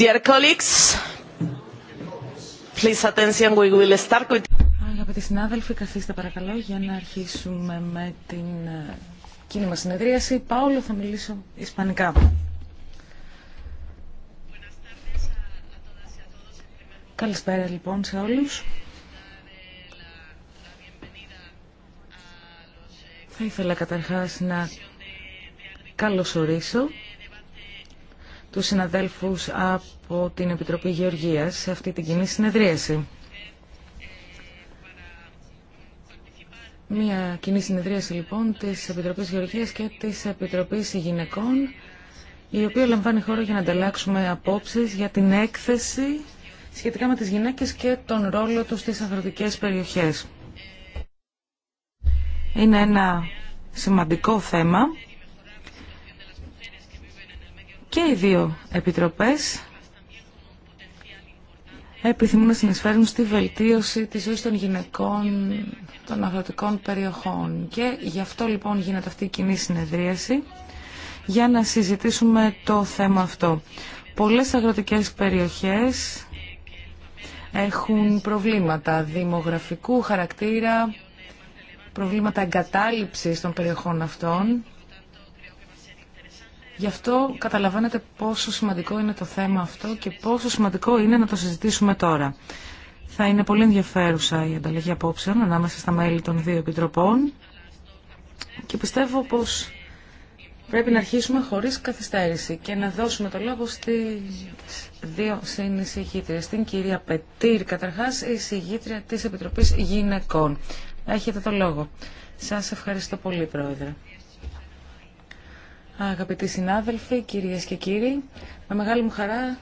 Dear colleagues, please attention, we will start with... Αγαπητοί συνάδελφοι, καθίστε παρακαλώ για να αρχίσουμε με την ε, κοινή μας συνεδρίαση. Παόλο, θα μιλήσω ισπανικά. Καλησπέρα λοιπόν σε όλους. Θα ήθελα καταρχάς να καλωσορίσω τους συναδέλφους από την Επιτροπή Γεωργίας σε αυτή την κοινή συνεδρίαση. Μια κοινή συνεδρίαση λοιπόν της Επιτροπής Γεωργίας και της Επιτροπής Γυναικών η οποία λαμβάνει χώρο για να ανταλλάξουμε απόψεις για την έκθεση σχετικά με τις γυναίκες και τον ρόλο τους στις αγροτικές περιοχές. Είναι ένα σημαντικό θέμα και οι δύο επιτροπές επιθυμούν να συνεισφέρουν στη βελτίωση της ζωής των γυναικών των αγροτικών περιοχών. Και γι' αυτό λοιπόν γίνεται αυτή η κοινή συνεδρίαση για να συζητήσουμε το θέμα αυτό. Πολλές αγροτικές περιοχές έχουν προβλήματα δημογραφικού χαρακτήρα, προβλήματα εγκατάλειψης των περιοχών αυτών Γι' αυτό καταλαβαίνετε πόσο σημαντικό είναι το θέμα αυτό και πόσο σημαντικό είναι να το συζητήσουμε τώρα. Θα είναι πολύ ενδιαφέρουσα η ανταλλαγή απόψεων ανάμεσα στα μέλη των δύο επιτροπών και πιστεύω πως πρέπει να αρχίσουμε χωρίς καθυστέρηση και να δώσουμε το λόγο στις δύο συνεισηγήτριες. Στην κυρία Πετήρ, καταρχάς, η συγγήτρια της Επιτροπής Γυναικών. Έχετε το λόγο. Σας ευχαριστώ πολύ, Πρόεδρε. Αγαπητοί συνάδελφοι, κυρίες και κύριοι, με μεγάλη μου χαρά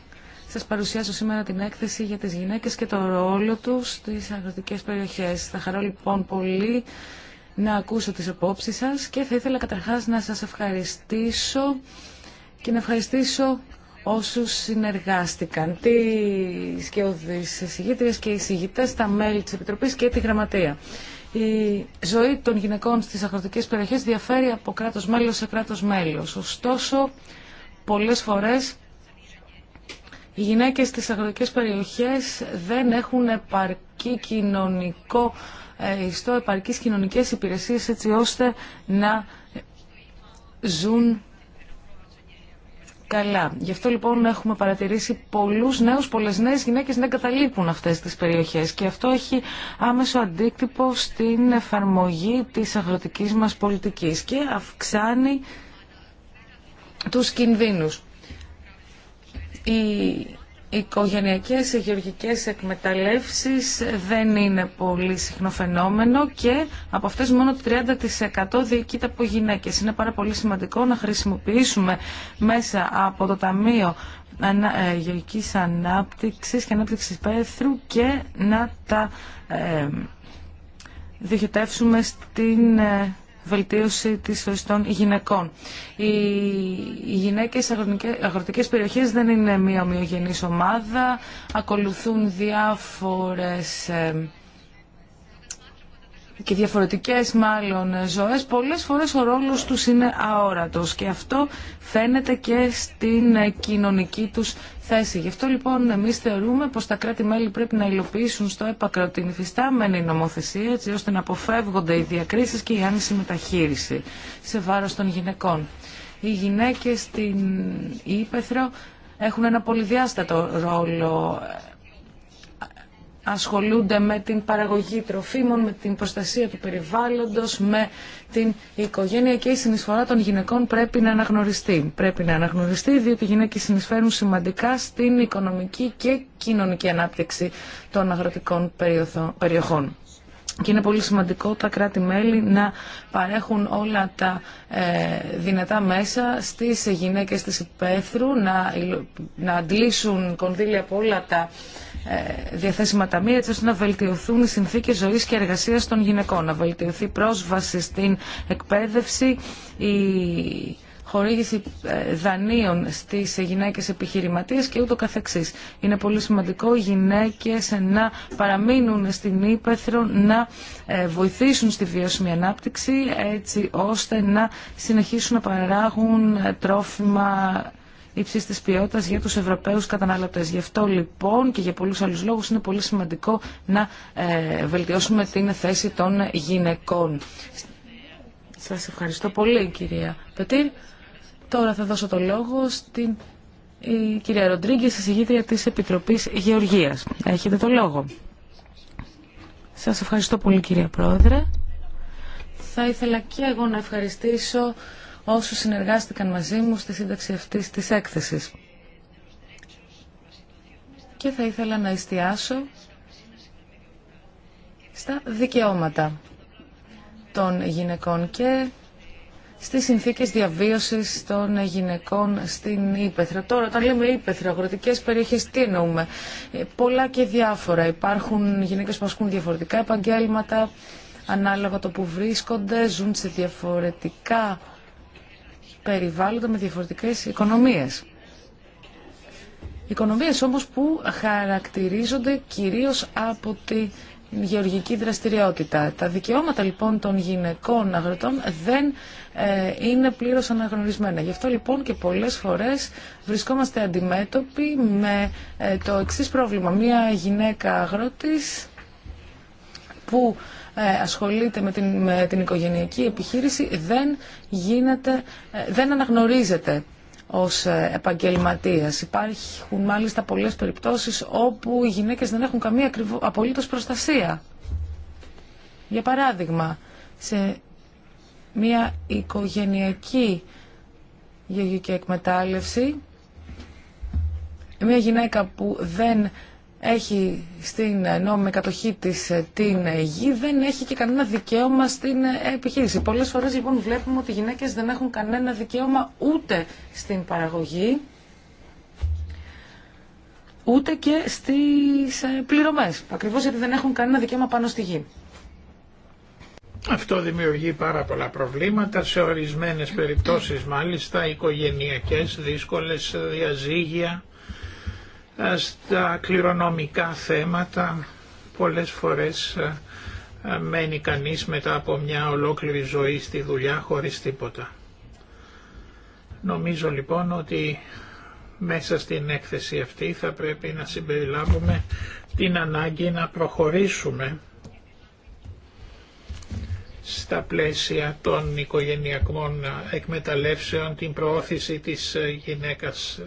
σας παρουσιάσω σήμερα την έκθεση για τις γυναίκες και το ρόλο τους στις αγροτικές περιοχές. Θα χαρώ λοιπόν πολύ να ακούσω τις απόψεις σας και θα ήθελα καταρχάς να σας ευχαριστήσω και να ευχαριστήσω όσους συνεργάστηκαν, τις και οδείς και οι τα μέλη της Επιτροπής και τη Γραμματεία η ζωή των γυναικών στις αγροτικές περιοχές διαφέρει από κράτος μέλος σε κράτος μέλος. Ωστόσο, πολλές φορές οι γυναίκες στις αγροτικές περιοχές δεν έχουν επαρκή κοινωνικό ε, ιστό, επαρκείς κοινωνικές υπηρεσίες έτσι ώστε να ζουν καλά. Γι' αυτό λοιπόν έχουμε παρατηρήσει πολλούς νέους, πολλές νέες γυναίκες να εγκαταλείπουν αυτές τις περιοχές και αυτό έχει άμεσο αντίκτυπο στην εφαρμογή τη αγροτικής μας πολιτικής και αυξάνει τους κινδύνους οικογενειακές γεωργικές εκμεταλλεύσεις δεν είναι πολύ συχνό φαινόμενο και από αυτές μόνο το 30% διοικείται από γυναίκες. Είναι πάρα πολύ σημαντικό να χρησιμοποιήσουμε μέσα από το Ταμείο ε, Γεωργικής Ανάπτυξης και Ανάπτυξης Πέθρου και να τα ε, διοχετεύσουμε στην ε, βελτίωση της ζωής γυναικών. Οι γυναίκες στις αγροτικές περιοχές δεν είναι μία ομοιογενής ομάδα, ακολουθούν διάφορες ε, και διαφορετικές μάλλον ζωές, πολλές φορές ο ρόλος τους είναι αόρατος και αυτό φαίνεται και στην κοινωνική τους θέση. Γι' αυτό λοιπόν εμείς θεωρούμε πως τα κράτη-μέλη πρέπει να υλοποιήσουν στο έπακρο την υφιστάμενη νομοθεσία έτσι ώστε να αποφεύγονται οι διακρίσεις και η άνηση μεταχείριση σε βάρος των γυναικών. Οι γυναίκες στην Ήπεθρο έχουν ένα πολυδιάστατο ρόλο ασχολούνται με την παραγωγή τροφίμων, με την προστασία του περιβάλλοντος, με την οικογένεια και η συνεισφορά των γυναικών πρέπει να αναγνωριστεί. Πρέπει να αναγνωριστεί διότι οι γυναίκες συνεισφέρουν σημαντικά στην οικονομική και κοινωνική ανάπτυξη των αγροτικών περιοχών. Και είναι πολύ σημαντικό τα κράτη-μέλη να παρέχουν όλα τα ε, δυνατά μέσα στις γυναίκες της υπαίθρου, να, να αντλήσουν κονδύλια από όλα τα ε, διαθέσιμα ταμεία έτσι ώστε να βελτιωθούν οι συνθήκες ζωής και εργασίας των γυναικών, να βελτιωθεί πρόσβαση στην εκπαίδευση, η χορήγηση ε, δανείων στις γυναίκες επιχειρηματίες και ούτω καθεξής. Είναι πολύ σημαντικό οι γυναίκες ε, να παραμείνουν στην Ήπεθρο, να βοηθήσουν στη βιώσιμη ανάπτυξη έτσι ώστε να συνεχίσουν να παράγουν τρόφιμα υψής της ποιότητας για τους Ευρωπαίους καταναλωτές. Γι' αυτό λοιπόν και για πολλούς άλλους λόγους είναι πολύ σημαντικό να ε, βελτιώσουμε την θέση των γυναικών. Σας ευχαριστώ πολύ κυρία Πετήρ. Τώρα θα δώσω το λόγο στην κυρία κυρία στη συζητήτρια της Επιτροπής Γεωργίας. Έχετε το λόγο. Σας ευχαριστώ πολύ κυρία Πρόεδρε. Θα ήθελα και εγώ να ευχαριστήσω Όσου συνεργάστηκαν μαζί μου στη σύνταξη αυτή τη έκθεση. Και θα ήθελα να εστιάσω στα δικαιώματα των γυναικών και στις συνθήκες διαβίωσης των γυναικών στην Ήπεθρο. Τώρα, όταν λέμε Ήπεθρο, αγροτικές περιοχές, τι εννοούμε. Ε, πολλά και διάφορα. Υπάρχουν γυναίκες που ασκούν διαφορετικά επαγγέλματα, ανάλογα το που βρίσκονται, ζουν σε διαφορετικά περιβάλλοντα με διαφορετικές οικονομίες. Οικονομίες όμως που χαρακτηρίζονται κυρίως από τη γεωργική δραστηριότητα. Τα δικαιώματα λοιπόν των γυναικών αγροτών δεν ε, είναι πλήρως αναγνωρισμένα. Γι' αυτό λοιπόν και πολλές φορές βρισκόμαστε αντιμέτωποι με ε, το εξής πρόβλημα. Μία γυναίκα αγρότης που ε, ασχολείται με την, την οικογενειακή επιχείρηση δεν, γίνεται, ε, δεν αναγνωρίζεται ως ε, επαγγελματίας. Υπάρχουν μάλιστα πολλές περιπτώσεις όπου οι γυναίκες δεν έχουν καμία απολύτως προστασία. Για παράδειγμα, σε μια οικογενειακή γεωγική εκμετάλλευση, μια γυναίκα που δεν έχει στην νόμιμη κατοχή της ε, την γη δεν έχει και κανένα δικαίωμα στην ε, επιχείρηση. Πολλές φορές λοιπόν βλέπουμε ότι οι γυναίκες δεν έχουν κανένα δικαίωμα ούτε στην παραγωγή ούτε και στι ε, πληρωμές, Ακριβώ γιατί δεν έχουν κανένα δικαίωμα πάνω στη γη. Αυτό δημιουργεί πάρα πολλά προβλήματα, σε ορισμένες περιπτώσεις μάλιστα, οικογενειακές, δύσκολες διαζύγια, ε, στα κληρονομικά θέματα πολλές φορές ε, ε, μένει κανείς μετά από μια ολόκληρη ζωή στη δουλειά χωρίς τίποτα. Νομίζω λοιπόν ότι μέσα στην έκθεση αυτή θα πρέπει να συμπεριλάβουμε την ανάγκη να προχωρήσουμε στα πλαίσια των οικογενειακών εκμεταλλεύσεων την προώθηση της γυναίκας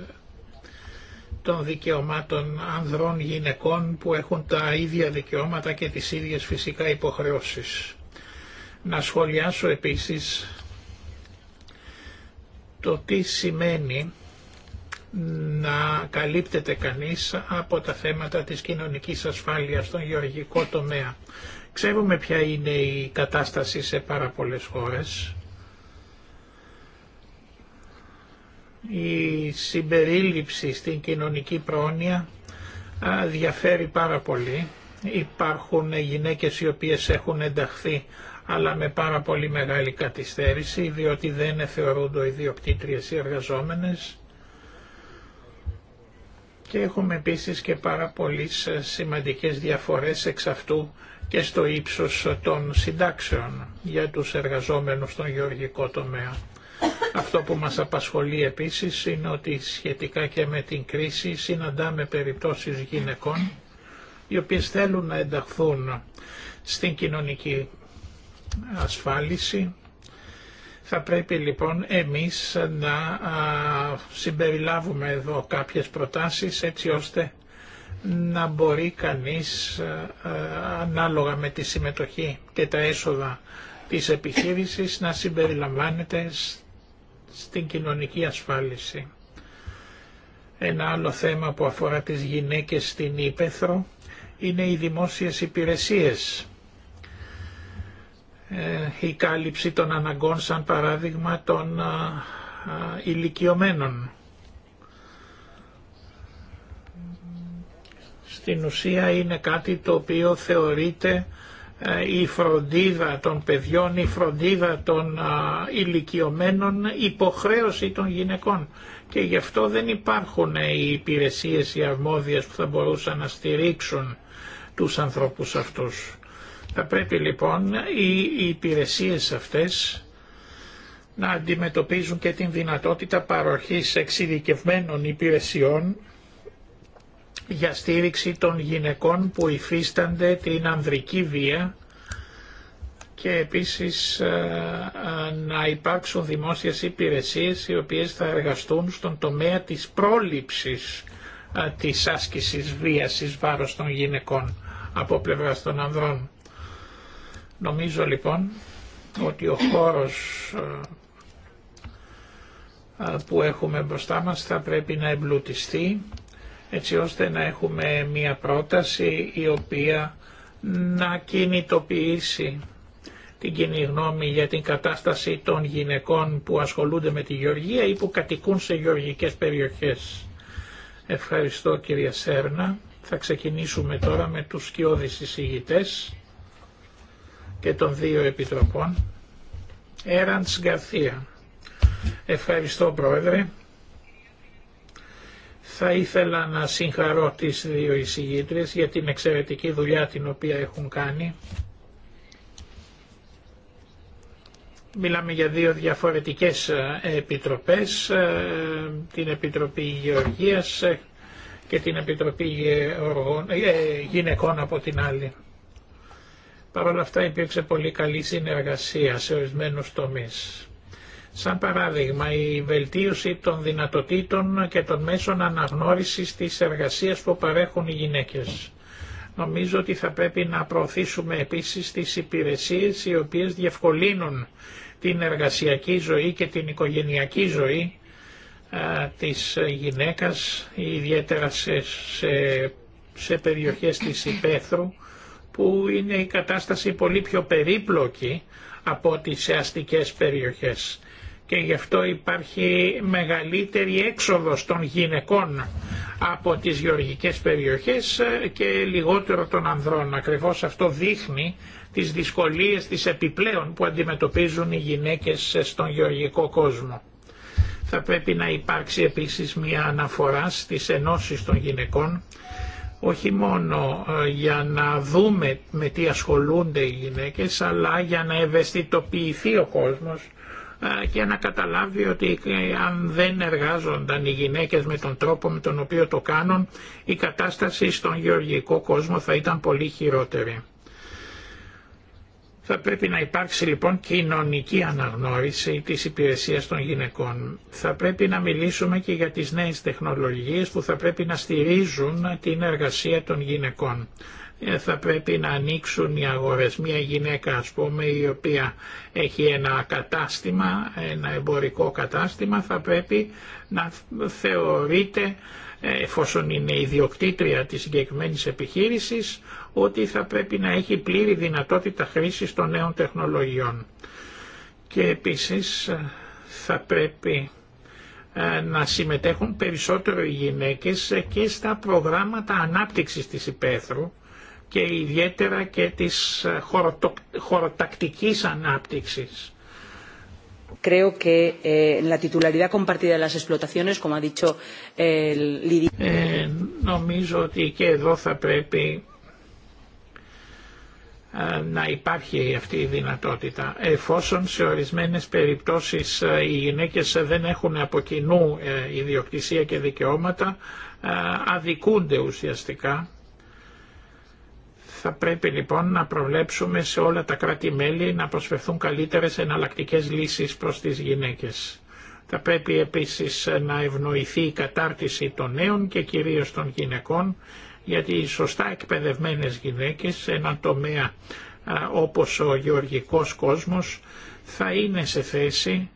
των δικαιωμάτων ανδρών γυναικών που έχουν τα ίδια δικαιώματα και τις ίδιες φυσικά υποχρεώσεις. Να σχολιάσω επίσης το τι σημαίνει να καλύπτεται κανείς από τα θέματα της κοινωνικής ασφάλειας στον γεωργικό τομέα. Ξέρουμε ποια είναι η κατάσταση σε πάρα πολλές χώρες η συμπερίληψη στην κοινωνική πρόνοια διαφέρει πάρα πολύ. Υπάρχουν γυναίκες οι οποίες έχουν ενταχθεί αλλά με πάρα πολύ μεγάλη κατηστέρηση διότι δεν θεωρούνται ιδιοκτήτριες ή εργαζόμενες και έχουμε επίσης και πάρα πολύ ε, σημαντικές διαφορές εξ αυτού και στο ύψος των συντάξεων για τους εργαζόμενους στον γεωργικό τομέα. Αυτό που μας απασχολεί επίσης είναι ότι σχετικά και με την κρίση συναντάμε περιπτώσεις γυναικών οι οποίες θέλουν να ενταχθούν στην κοινωνική ασφάλιση. Θα πρέπει λοιπόν εμείς να συμπεριλάβουμε εδώ κάποιες προτάσεις έτσι ώστε να μπορεί κανείς ανάλογα με τη συμμετοχή και τα έσοδα της επιχείρησης να συμπεριλαμβάνεται στην κοινωνική ασφάλιση. Ένα άλλο θέμα που αφορά τις γυναίκες στην Ήπεθρο είναι οι δημόσιες υπηρεσίες. Ε, η κάλυψη των αναγκών σαν παράδειγμα των ηλικιωμένων. Στην ουσία είναι κάτι το οποίο θεωρείται ε, η φροντίδα των παιδιών, η φροντίδα των ηλικιωμένων, υποχρέωση των γυναικών. Και γι' αυτό δεν υπάρχουν ε, οι υπηρεσίες, οι αρμόδιες που θα μπορούσαν να στηρίξουν τους ανθρώπους αυτούς. Θα πρέπει λοιπόν οι υπηρεσίες αυτές να αντιμετωπίζουν και την δυνατότητα παροχής εξειδικευμένων υπηρεσιών για στήριξη των γυναικών που υφίστανται την ανδρική βία και επίσης ε, ε, να υπάρξουν δημόσιες υπηρεσίες οι οποίες θα εργαστούν στον τομέα της πρόληψης ε, της άσκησης βίας εις βάρος των γυναικών από πλευράς των ανδρών. Νομίζω λοιπόν ότι ο χώρος που έχουμε μπροστά μας θα πρέπει να εμπλουτιστεί έτσι ώστε να έχουμε μία πρόταση η οποία να κινητοποιήσει την κοινή γνώμη για την κατάσταση των γυναικών που ασχολούνται με τη γεωργία ή που κατοικούν σε γεωργικές περιοχές. Ευχαριστώ κυρία Σέρνα. Θα ξεκινήσουμε τώρα με τους σκιώδεις εισηγητές και των δύο επιτροπών. Έραντς Γκαρθία. Ευχαριστώ πρόεδρε. Θα ήθελα να συγχαρώ τις δύο εισηγήτρες για την εξαιρετική δουλειά την οποία έχουν κάνει. Μιλάμε για δύο διαφορετικές ε, επιτροπές, ε, την Επιτροπή Γεωργίας και την Επιτροπή ε, Γυναικών από την άλλη. Παρ' όλα αυτά υπήρξε πολύ καλή συνεργασία σε ορισμένους τομείς σαν παράδειγμα η βελτίωση των δυνατοτήτων και των μέσων αναγνώρισης της εργασίας που παρέχουν οι γυναίκες. Νομίζω ότι θα πρέπει να προωθήσουμε επίσης τις υπηρεσίες οι οποίες διευκολύνουν την εργασιακή ζωή και την οικογενειακή ζωή της γυναίκας, ιδιαίτερα σε, σε, περιοχές της υπαίθρου, που είναι η κατάσταση πολύ πιο περίπλοκη από τις αστικές περιοχές και γι' αυτό υπάρχει μεγαλύτερη έξοδος των γυναικών από τις γεωργικές περιοχές και λιγότερο των ανδρών. Ακριβώς αυτό δείχνει τις δυσκολίες της επιπλέον που αντιμετωπίζουν οι γυναίκες στον γεωργικό κόσμο. Θα πρέπει να υπάρξει επίσης μια αναφορά στις ενώσεις των γυναικών όχι μόνο ε, για να δούμε με τι ασχολούνται οι γυναίκες αλλά για να ευαισθητοποιηθεί ο κόσμος και να καταλάβει ότι ε, αν δεν εργάζονταν οι γυναίκες με τον τρόπο με τον οποίο το κάνουν η κατάσταση στον γεωργικό κόσμο θα ήταν πολύ χειρότερη. Θα πρέπει να υπάρξει λοιπόν κοινωνική αναγνώριση της υπηρεσίας των γυναικών. Θα πρέπει να μιλήσουμε και για τις νέες τεχνολογίες που θα πρέπει να στηρίζουν την εργασία των γυναικών. Ε, θα πρέπει να ανοίξουν οι αγορές. Μια γυναίκα ας πούμε η οποία έχει ένα κατάστημα, ένα εμπορικό κατάστημα θα πρέπει να θεωρείται εφόσον είναι ιδιοκτήτρια της συγκεκριμένη επιχείρησης ότι θα πρέπει να έχει πλήρη δυνατότητα χρήσης των νέων τεχνολογιών. Και επίσης θα πρέπει ε, να συμμετέχουν περισσότερο οι γυναίκες και στα προγράμματα ανάπτυξης της υπαίθρου και ιδιαίτερα και της ε, χωροτακτικής ανάπτυξης. Creo que eh, la titularidad compartida de las explotaciones, como ha eh, ε, Νομίζω ότι και εδώ θα πρέπει ε, να υπάρχει αυτή η δυνατότητα. Εφόσον σε ορισμένες περιπτώσεις οι γυναίκες δεν έχουν από κοινού ιδιοκτησία και δικαιώματα, αδικούνται ουσιαστικά θα πρέπει λοιπόν να προβλέψουμε σε όλα τα κράτη-μέλη να προσφερθούν καλύτερες εναλλακτικές λύσεις προς τις γυναίκες. Θα πρέπει επίσης να ευνοηθεί η κατάρτιση των νέων και κυρίως των γυναικών, γιατί οι σωστά εκπαιδευμένες γυναίκες σε έναν τομέα όπως ο γεωργικός κόσμος θα είναι σε θέση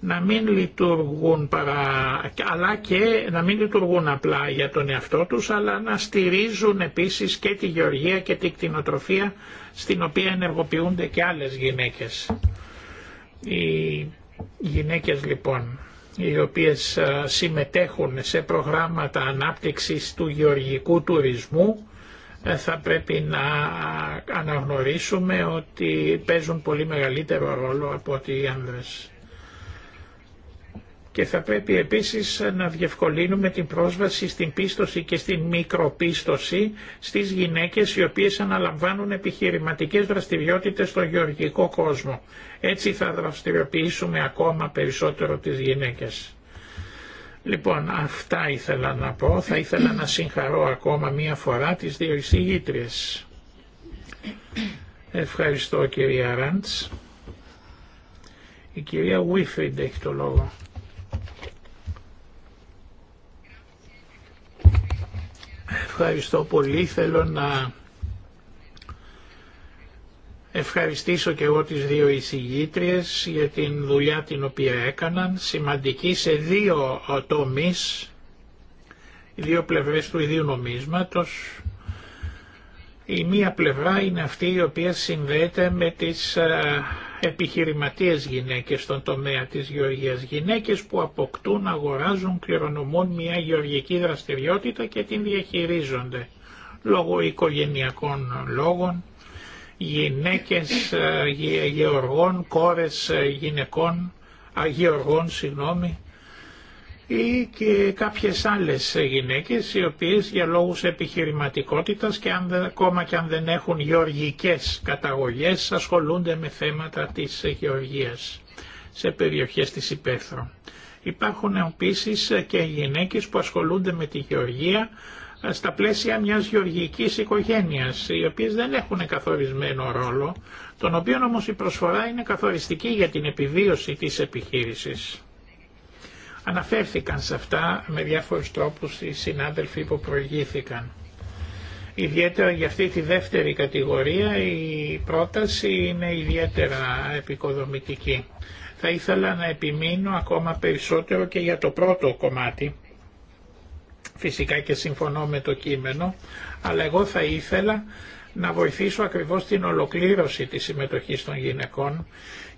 να μην λειτουργούν παρά, αλλά και να μην λειτουργούν απλά για τον εαυτό τους, αλλά να στηρίζουν επίσης και τη γεωργία και την κτηνοτροφία στην οποία ενεργοποιούνται και άλλες γυναίκες. Οι γυναίκες λοιπόν οι οποίες ε, συμμετέχουν σε προγράμματα ανάπτυξης του γεωργικού τουρισμού ε, θα πρέπει να ε, αναγνωρίσουμε ότι παίζουν πολύ μεγαλύτερο ρόλο από ότι οι άνδρες. Και θα πρέπει επίσης να διευκολύνουμε την πρόσβαση στην πίστοση και στην μικροπίστοση στις γυναίκες οι οποίες αναλαμβάνουν επιχειρηματικές δραστηριότητες στο γεωργικό κόσμο. Έτσι θα δραστηριοποιήσουμε ακόμα περισσότερο τις γυναίκες. Λοιπόν, αυτά ήθελα να πω. Θα ήθελα να συγχαρώ ακόμα μία φορά τις δύο εισηγήτριες. Ευχαριστώ κυρία Ράντς. Η κυρία Βίφριντ έχει το λόγο. Ευχαριστώ πολύ. Θέλω να ευχαριστήσω και εγώ τις δύο εισηγήτριες για την δουλειά την οποία έκαναν, σημαντική σε δύο ε, τομείς, οι δύο πλευρές του ίδιου νομίσματος. Η μία πλευρά είναι αυτή η οποία συνδέεται με τις ε, επιχειρηματίες γυναίκες στον τομέα της γεωργίας, γυναίκες που αποκτούν, αγοράζουν, κληρονομούν μια γεωργική δραστηριότητα και την διαχειρίζονται λόγω οικογενειακών λόγων, γυναίκες ε, γεωργών, κόρες ε, γυναικών, αγεωργών, συγγνώμη, ή και κάποιες άλλες γυναίκες οι οποίες για λόγους επιχειρηματικότητας και αν, ακόμα και αν δεν έχουν γεωργικές καταγωγές ασχολούνται με θέματα της γεωργίας σε περιοχές της υπαίθρου. Υπάρχουν επίση και γυναίκες που ασχολούνται με τη γεωργία ε, στα πλαίσια μιας γεωργικής οικογένειας, οι οποίες δεν έχουν καθορισμένο ρόλο, τον οποίο όμως η προσφορά είναι καθοριστική για την επιβίωση της επιχείρησης. Αναφέρθηκαν σε αυτά με διάφορους τρόπους οι συνάδελφοι που προηγήθηκαν. Ιδιαίτερα για αυτή τη δεύτερη κατηγορία η πρόταση είναι ιδιαίτερα επικοδομητική. Θα ήθελα να επιμείνω ακόμα περισσότερο και για το πρώτο κομμάτι. Φυσικά και συμφωνώ με το κείμενο, αλλά εγώ θα ήθελα να βοηθήσω ακριβώς την ολοκλήρωση της συμμετοχής των γυναικών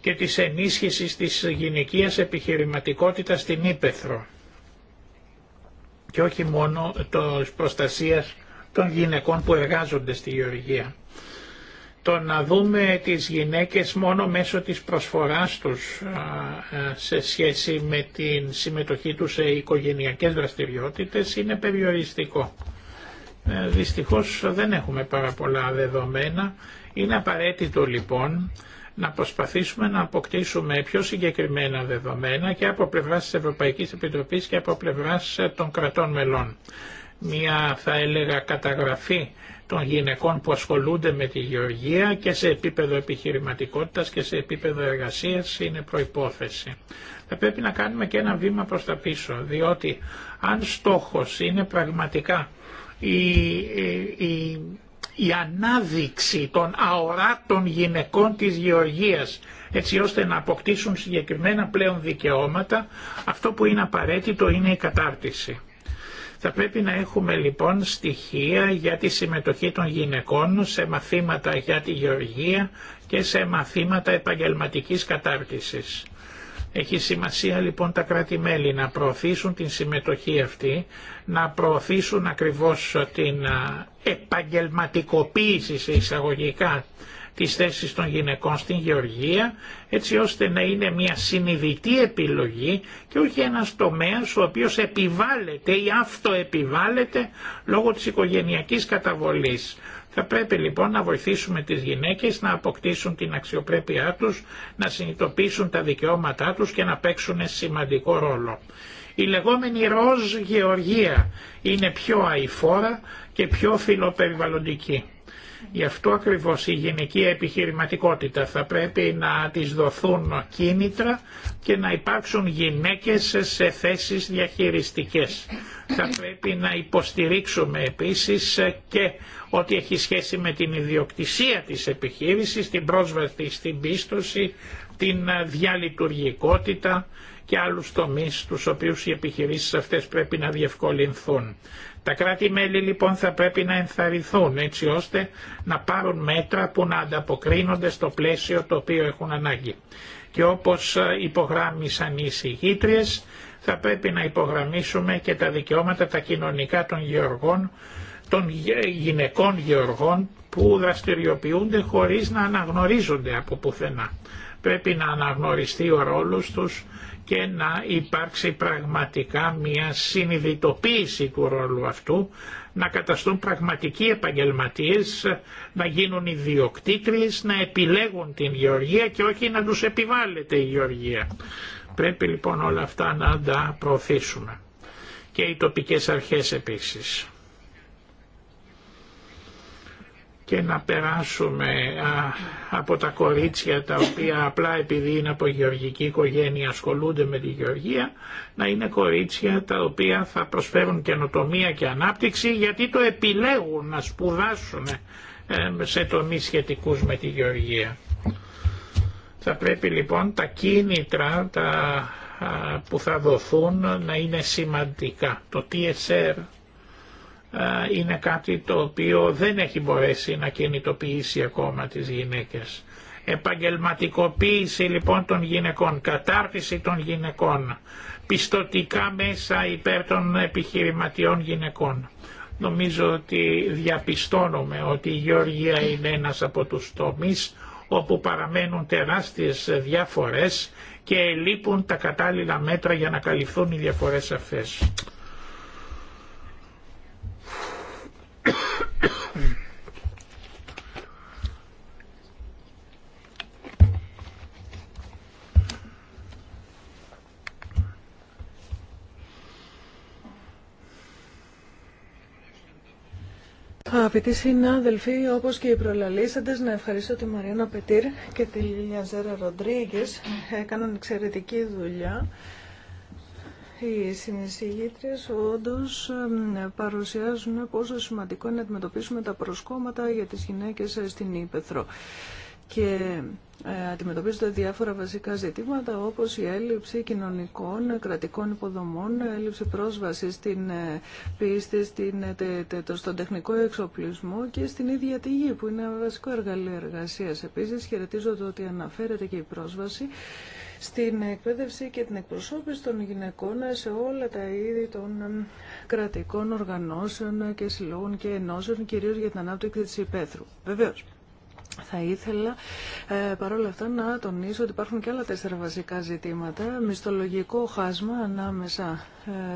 και της ενίσχυσης της γυναικείας επιχειρηματικότητας στην Ήπεθρο και όχι μόνο το προστασίας των γυναικών που εργάζονται στη Γεωργία. Το να δούμε τις γυναίκες μόνο μέσω της προσφοράς τους σε σχέση με την συμμετοχή τους σε οικογενειακές δραστηριότητες είναι περιοριστικό. Ε, δυστυχώς δεν έχουμε πάρα πολλά δεδομένα. Είναι απαραίτητο λοιπόν να προσπαθήσουμε να αποκτήσουμε πιο συγκεκριμένα δεδομένα και από πλευράς της Ευρωπαϊκής Επιτροπής και από πλευράς ε, των κρατών μελών. Μία θα έλεγα καταγραφή των γυναικών που ασχολούνται με τη γεωργία και σε επίπεδο επιχειρηματικότητας και σε επίπεδο εργασίας είναι προϋπόθεση. Θα πρέπει να κάνουμε και ένα βήμα προς τα πίσω, διότι αν στόχος είναι πραγματικά η, η, η η ανάδειξη των αοράτων γυναικών της γεωργίας έτσι ώστε να αποκτήσουν συγκεκριμένα πλέον δικαιώματα, αυτό που είναι απαραίτητο είναι η κατάρτιση. Θα πρέπει να έχουμε λοιπόν στοιχεία για τη συμμετοχή των γυναικών σε μαθήματα για τη γεωργία και σε μαθήματα επαγγελματικής κατάρτισης. Έχει σημασία λοιπόν τα κράτη-μέλη να προωθήσουν την συμμετοχή αυτή, να προωθήσουν ακριβώς την επαγγελματικοποίηση σε εισαγωγικά της θέσης των γυναικών στην γεωργία, έτσι ώστε να είναι μια συνειδητή επιλογή και όχι ένας τομέας ο οποίος επιβάλλεται ή αυτοεπιβάλλεται λόγω της οικογενειακής καταβολής. Θα πρέπει λοιπόν να βοηθήσουμε τις γυναίκες να αποκτήσουν την αξιοπρέπειά τους, να συνειδητοποιήσουν τα δικαιώματά τους και να παίξουν σημαντικό ρόλο. Η λεγόμενη ροζ γεωργία είναι πιο αηφόρα και πιο φιλοπεριβαλλοντική. Γι' αυτό ακριβώς η γενική επιχειρηματικότητα θα πρέπει να της δοθούν κίνητρα και να υπάρξουν γυναίκες σε θέσεις διαχειριστικές. Θα πρέπει να υποστηρίξουμε επίσης και ό,τι έχει σχέση με την ιδιοκτησία της επιχείρησης, την πρόσβαση στην πίστοση, την διαλειτουργικότητα και άλλους τομείς του οποίους οι επιχειρήσεις αυτές πρέπει να διευκολυνθούν. Τα κράτη-μέλη λοιπόν θα πρέπει να ενθαρρυνθούν έτσι ώστε να πάρουν μέτρα που να ανταποκρίνονται στο πλαίσιο το οποίο έχουν ανάγκη. Και όπως υπογράμμισαν οι συγχύτριες θα πρέπει να υπογραμμίσουμε και τα δικαιώματα τα κοινωνικά των γεωργών, των γυναικών γεωργών που δραστηριοποιούνται χωρίς να αναγνωρίζονται από πουθενά πρέπει να αναγνωριστεί ο ρόλος τους και να υπάρξει πραγματικά μια συνειδητοποίηση του ρόλου αυτού, να καταστούν πραγματικοί επαγγελματίες, να γίνουν ιδιοκτήτριες, να επιλέγουν την γεωργία και όχι να τους επιβάλλεται η γεωργία. Πρέπει λοιπόν όλα αυτά να τα προωθήσουμε. Και οι τοπικές αρχές επίσης. και να περάσουμε από τα κορίτσια τα οποία απλά επειδή είναι από γεωργική οικογένεια ασχολούνται με τη γεωργία να είναι κορίτσια τα οποία θα προσφέρουν καινοτομία και ανάπτυξη γιατί το επιλέγουν να σπουδάσουν ε, σε τομείς σχετικούς με τη γεωργία. Θα πρέπει λοιπόν τα κίνητρα τα, που θα δοθούν να είναι σημαντικά. Το TSR ε, είναι κάτι το οποίο δεν έχει μπορέσει να κινητοποιήσει ακόμα τις γυναίκες. Επαγγελματικοποίηση λοιπόν των γυναικών, κατάρτιση των γυναικών, πιστοτικά μέσα υπέρ των επιχειρηματιών γυναικών. Νομίζω ότι διαπιστώνουμε ότι η Γεωργία είναι ένας από τους τομείς όπου παραμένουν τεράστιες διαφορές και λείπουν τα κατάλληλα μέτρα για να καλυφθούν οι διαφορές αυτές. Αγαπητοί συνάδελφοι, όπως και οι προλαλήσαντες, να ευχαριστώ τη Μαρίνα Πετήρ και τη Λιλιαζέρα Ροντρίγκε. Ροντρίγκες. Έκαναν εξαιρετική δουλειά οι συνεισηγήτρες όντως παρουσιάζουν πόσο σημαντικό είναι να αντιμετωπίσουμε τα προσκόμματα για τις γυναίκες ε, στην Ήπεθρο και ε, αντιμετωπίζονται διάφορα βασικά ζητήματα όπως η έλλειψη κοινωνικών ε, κρατικών υποδομών, έλλειψη πρόσβασης στην πίστη, στην, στον τεχνικό εξοπλισμό και στην ίδια τη γη που είναι βασικό εργαλείο εργασίας. Επίσης χαιρετίζω το ότι αναφέρεται και η πρόσβαση στην εκπαίδευση και την εκπροσώπηση των γυναικών σε όλα τα είδη των κρατικών οργανώσεων και συλλόγων και ενώσεων, κυρίως για την ανάπτυξη της υπαίθρου. Βεβαίως. Θα ήθελα ε, παρόλα αυτά να τονίσω ότι υπάρχουν και άλλα τέσσερα βασικά ζητήματα. Μισθολογικό χάσμα ανάμεσα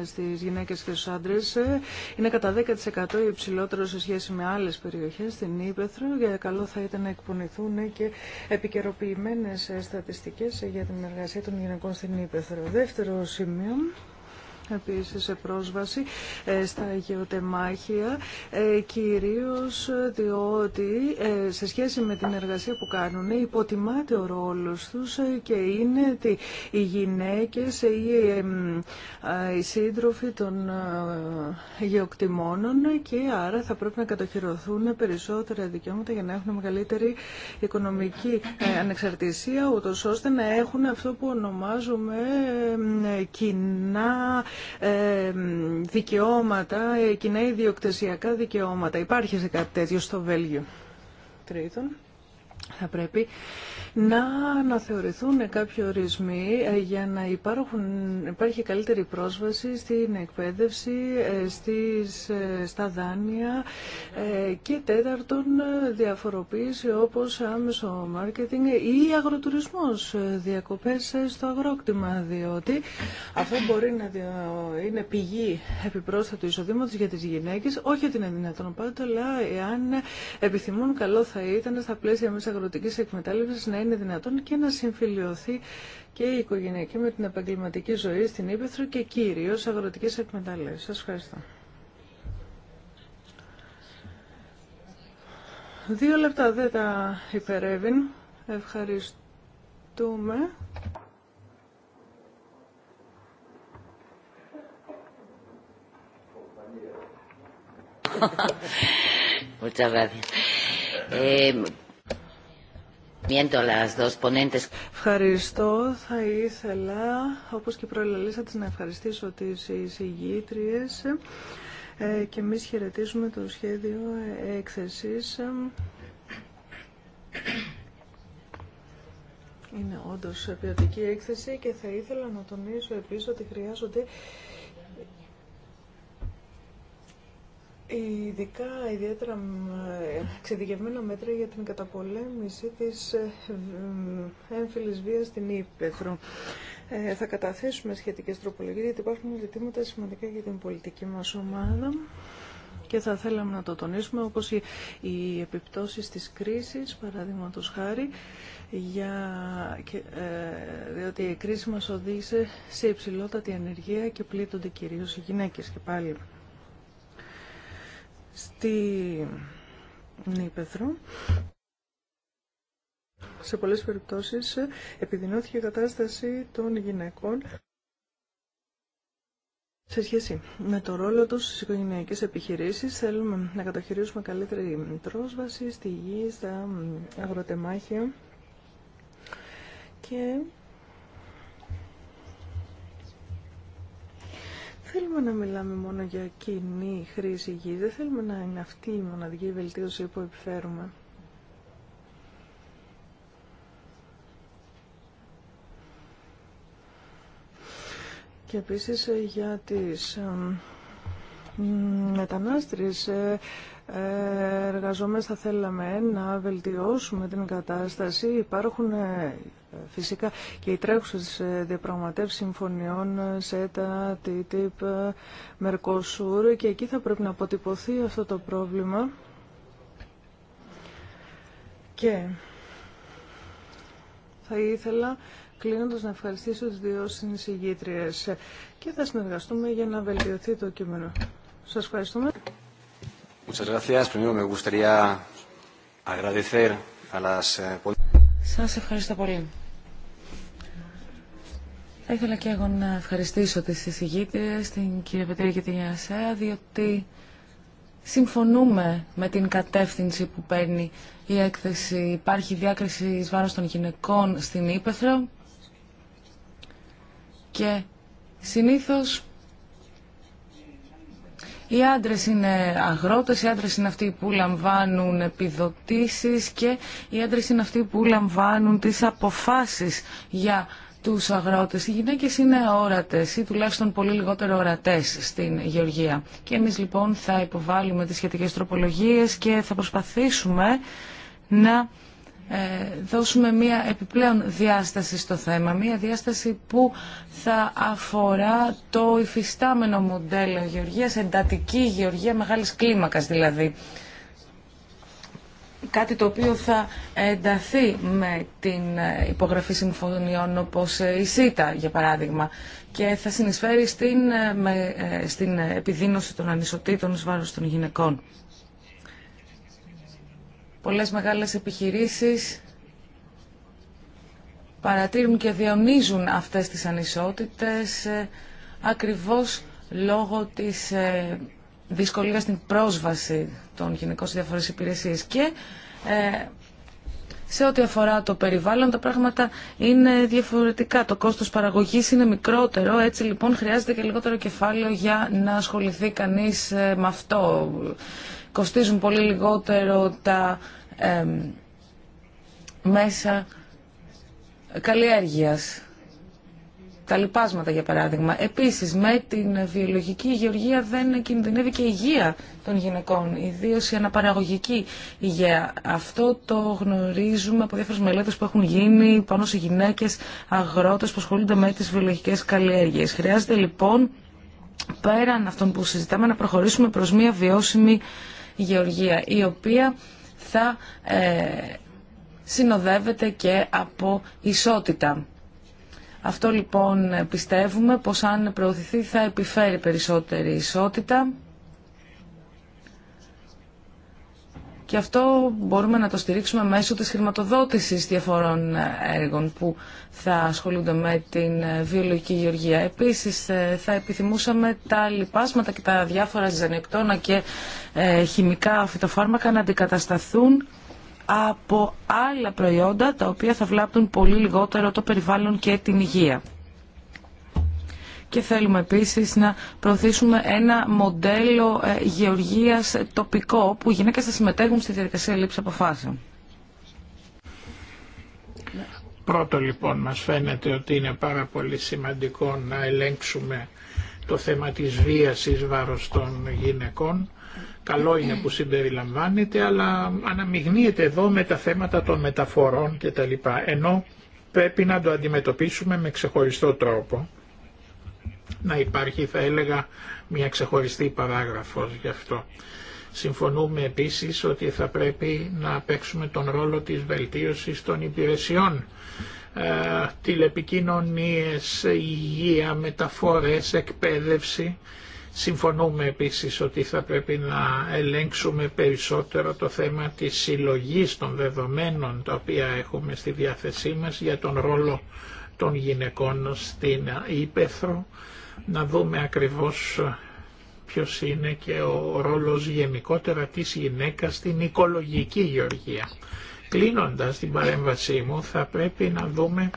ε, στις γυναίκες και στους άντρες ε, είναι κατά 10% υψηλότερο σε σχέση με άλλες περιοχές στην Ήπεθρο Για καλό θα ήταν να εκπονηθούν και επικαιροποιημένες στατιστικές για την εργασία των γυναικών στην Ήπεθρο. Δεύτερο σημείο επίσης σε πρόσβαση ε, στα γεωτεμάχια, ε, κυρίως ε, διότι σε σχέση με την εργασία που κάνουν υποτιμάται ο ρόλος τους και είναι ότι οι γυναίκες ή οι σύντροφοι των γεωκτημόνων και άρα θα πρέπει να κατοχυρωθούν περισσότερα δικαιώματα για να έχουν μεγαλύτερη οικονομική ανεξαρτησία, ούτως ώστε να έχουν αυτό που ονομάζουμε κοινά ε, δικαιώματα, κοινά ιδιοκτησιακά δικαιώματα. Υπάρχει σε κάτι τέτοιο στο Βέλγιο. Τρίτον, θα πρέπει να αναθεωρηθούν κάποιοι ορισμοί ε, για να υπάρχουν, υπάρχει καλύτερη πρόσβαση στην εκπαίδευση, ε, στις, ε, στα δάνεια και τέταρτον διαφοροποίηση όπως άμεσο μάρκετινγκ ή αγροτουρισμός, διακοπές στο αγρόκτημα διότι αυτό μπορεί να είναι πηγή επιπρόσθετου εισοδήματος για τις γυναίκες, όχι ότι είναι δυνατόν πάντα, αλλά εάν επιθυμούν καλό θα ήταν στα πλαίσια μιας αγροτικής εκμετάλλευσης να είναι δυνατόν και να συμφιλειωθεί και η οικογενειακή με την επαγγελματική ζωή στην Ήπεθρο και κυρίως αγροτικές εκμεταλλεύσεις. Σας ευχαριστώ. Δύο λεπτά δεν τα υπερεύει. Ευχαριστούμε. Ευχαριστώ. Θα ήθελα, όπως και προελαλήσατε, να ευχαριστήσω τις εισηγήτριες ε, και εμεί χαιρετίζουμε το σχέδιο έκθεσης. Είναι όντως ποιοτική έκθεση και θα ήθελα να τονίσω επίσης ότι χρειάζονται ειδικά ιδιαίτερα εξειδικευμένα μέτρα για την καταπολέμηση της ε, έμφυλης βίας στην Ήπεθρο. Ε, θα καταθέσουμε σχετικές τροπολογίες γιατί υπάρχουν ζητήματα σημαντικά για την πολιτική μας ομάδα και θα θέλαμε να το τονίσουμε όπως οι, οι επιπτώσεις της κρίσης παραδείγματος χάρη για, και, ε, διότι η κρίση μας οδήγησε σε υψηλότατη ανεργία και πλήττονται κυρίως οι γυναίκες και πάλι στη Ήπεθρο. Σε πολλές περιπτώσεις επιδεινώθηκε η κατάσταση των γυναικών σε σχέση με το ρόλο τους στις οικογενειακές επιχειρήσεις θέλουμε να κατοχυρίσουμε καλύτερη πρόσβαση στη γη, στα αγροτεμάχια και θέλουμε να μιλάμε μόνο για κοινή χρήση γης, δεν θέλουμε να είναι αυτή η μοναδική βελτίωση που επιφέρουμε. Και επίσης ε, για τις μετανάστριες ε, ε, εργαζόμενες θα θέλαμε να βελτιώσουμε την κατάσταση. Υπάρχουν φυσικά και οι τρέχουσες ε, διαπραγματεύσεις συμφωνιών ε, ΣΕΤΑ, ΤΙΤΙΠ, ε, Μερκοσούρ και εκεί θα πρέπει να αποτυπωθεί αυτό το πρόβλημα και θα ήθελα κλείνοντα να ευχαριστήσω τις δύο συνεισηγήτριες και θα συνεργαστούμε για να βελτιωθεί το κείμενο. Σας ευχαριστούμε. Muchas gracias. Primero me gustaría agradecer a las... Eh, Σας ευχαριστώ πολύ. Θα ήθελα και εγώ να ευχαριστήσω τις εισηγήτριες, την κυρία Πετρή και την Ιασέα, διότι συμφωνούμε με την κατεύθυνση που παίρνει η έκθεση. Υπάρχει διάκριση εις βάρος των γυναικών στην Ήπεθρο και συνήθως οι άντρες είναι αγρότες, οι άντρες είναι αυτοί που λαμβάνουν επιδοτήσεις και οι άντρες είναι αυτοί που λαμβάνουν τις αποφάσεις για του αγρότε. Οι γυναίκε είναι αόρατες ή τουλάχιστον πολύ λιγότερο ορατέ στην γεωργία. Και εμείς λοιπόν θα υποβάλουμε τις σχετικέ τροπολογίε και θα προσπαθήσουμε να ε, δώσουμε μία επιπλέον διάσταση στο θέμα, μία διάσταση που θα αφορά το υφιστάμενο μοντέλο γεωργίας, εντατική γεωργία μεγάλης κλίμακας δηλαδή κάτι το οποίο θα ενταθεί με την ε, υπογραφή συμφωνιών όπως ε, η ΣΥΤΑ για παράδειγμα και θα συνεισφέρει στην, ε, με, στην επιδείνωση των ανισοτήτων ως βάρος των γυναικών. Πολλές μεγάλες επιχειρήσεις παρατήρουν και διονύζουν αυτές τις ανισότητες ακριβώς λόγω της δυσκολίας στην πρόσβαση των γυναικών σε διάφορες υπηρεσίες. Και ε, σε ό,τι αφορά το περιβάλλον τα πράγματα είναι διαφορετικά. Το κόστος παραγωγής είναι μικρότερο, έτσι λοιπόν χρειάζεται και λιγότερο κεφάλαιο για να ασχοληθεί κανείς ε, με αυτό. Κοστίζουν πολύ λιγότερο τα ε, μέσα καλλιέργειας τα λοιπάσματα για παράδειγμα. Επίσης με την βιολογική γεωργία δεν κινδυνεύει και η υγεία των γυναικών, ιδίω η αναπαραγωγική υγεία. Αυτό το γνωρίζουμε από διάφορε μελέτες που έχουν γίνει πάνω σε γυναίκες αγρότες που ασχολούνται με τι βιολογικές καλλιέργειες. Χρειάζεται λοιπόν πέραν αυτών που συζητάμε να προχωρήσουμε προς μια βιώσιμη γεωργία η οποία θα ε, συνοδεύεται και από ισότητα. Αυτό λοιπόν πιστεύουμε πως αν προωθηθεί θα επιφέρει περισσότερη ισότητα και αυτό μπορούμε να το στηρίξουμε μέσω της χρηματοδότησης διαφορών έργων που θα ασχολούνται με την βιολογική γεωργία. Επίσης ε, θα επιθυμούσαμε τα λοιπάσματα και τα διάφορα ζενεκτόνα και ε, χημικά φυτοφάρμακα να αντικατασταθούν από άλλα προϊόντα τα οποία θα βλάπτουν πολύ λιγότερο το περιβάλλον και την υγεία. Και θέλουμε επίσης να προωθήσουμε ένα μοντέλο ε, γεωργίας τοπικό που οι γυναίκες θα συμμετέχουν στη διαδικασία λήψη αποφάσεων. Πρώτο λοιπόν μας φαίνεται ότι είναι πάρα πολύ σημαντικό να ελέγξουμε το θέμα της βίας εις βάρος των γυναικών Καλό είναι που συμπεριλαμβάνεται, αλλά αναμειγνύεται εδώ με τα θέματα των μεταφορών κτλ. Ενώ πρέπει να το αντιμετωπίσουμε με ξεχωριστό τρόπο. Να υπάρχει, θα έλεγα, μια ξεχωριστή παράγραφος γι' αυτό. Συμφωνούμε επίσης ότι θα πρέπει να παίξουμε τον ρόλο της βελτίωσης των υπηρεσιών. Ε, τηλεπικοινωνίες, υγεία, μεταφορές, εκπαίδευση Συμφωνούμε επίσης ότι θα πρέπει να ελέγξουμε περισσότερο το θέμα της συλλογής των δεδομένων τα οποία έχουμε στη διάθεσή μας για τον ρόλο των γυναικών στην Ήπεθρο, να δούμε ακριβώς ποιος είναι και ο ρόλος γενικότερα της γυναίκας στην οικολογική γεωργία. Κλείνοντας την παρέμβασή μου θα πρέπει να δούμε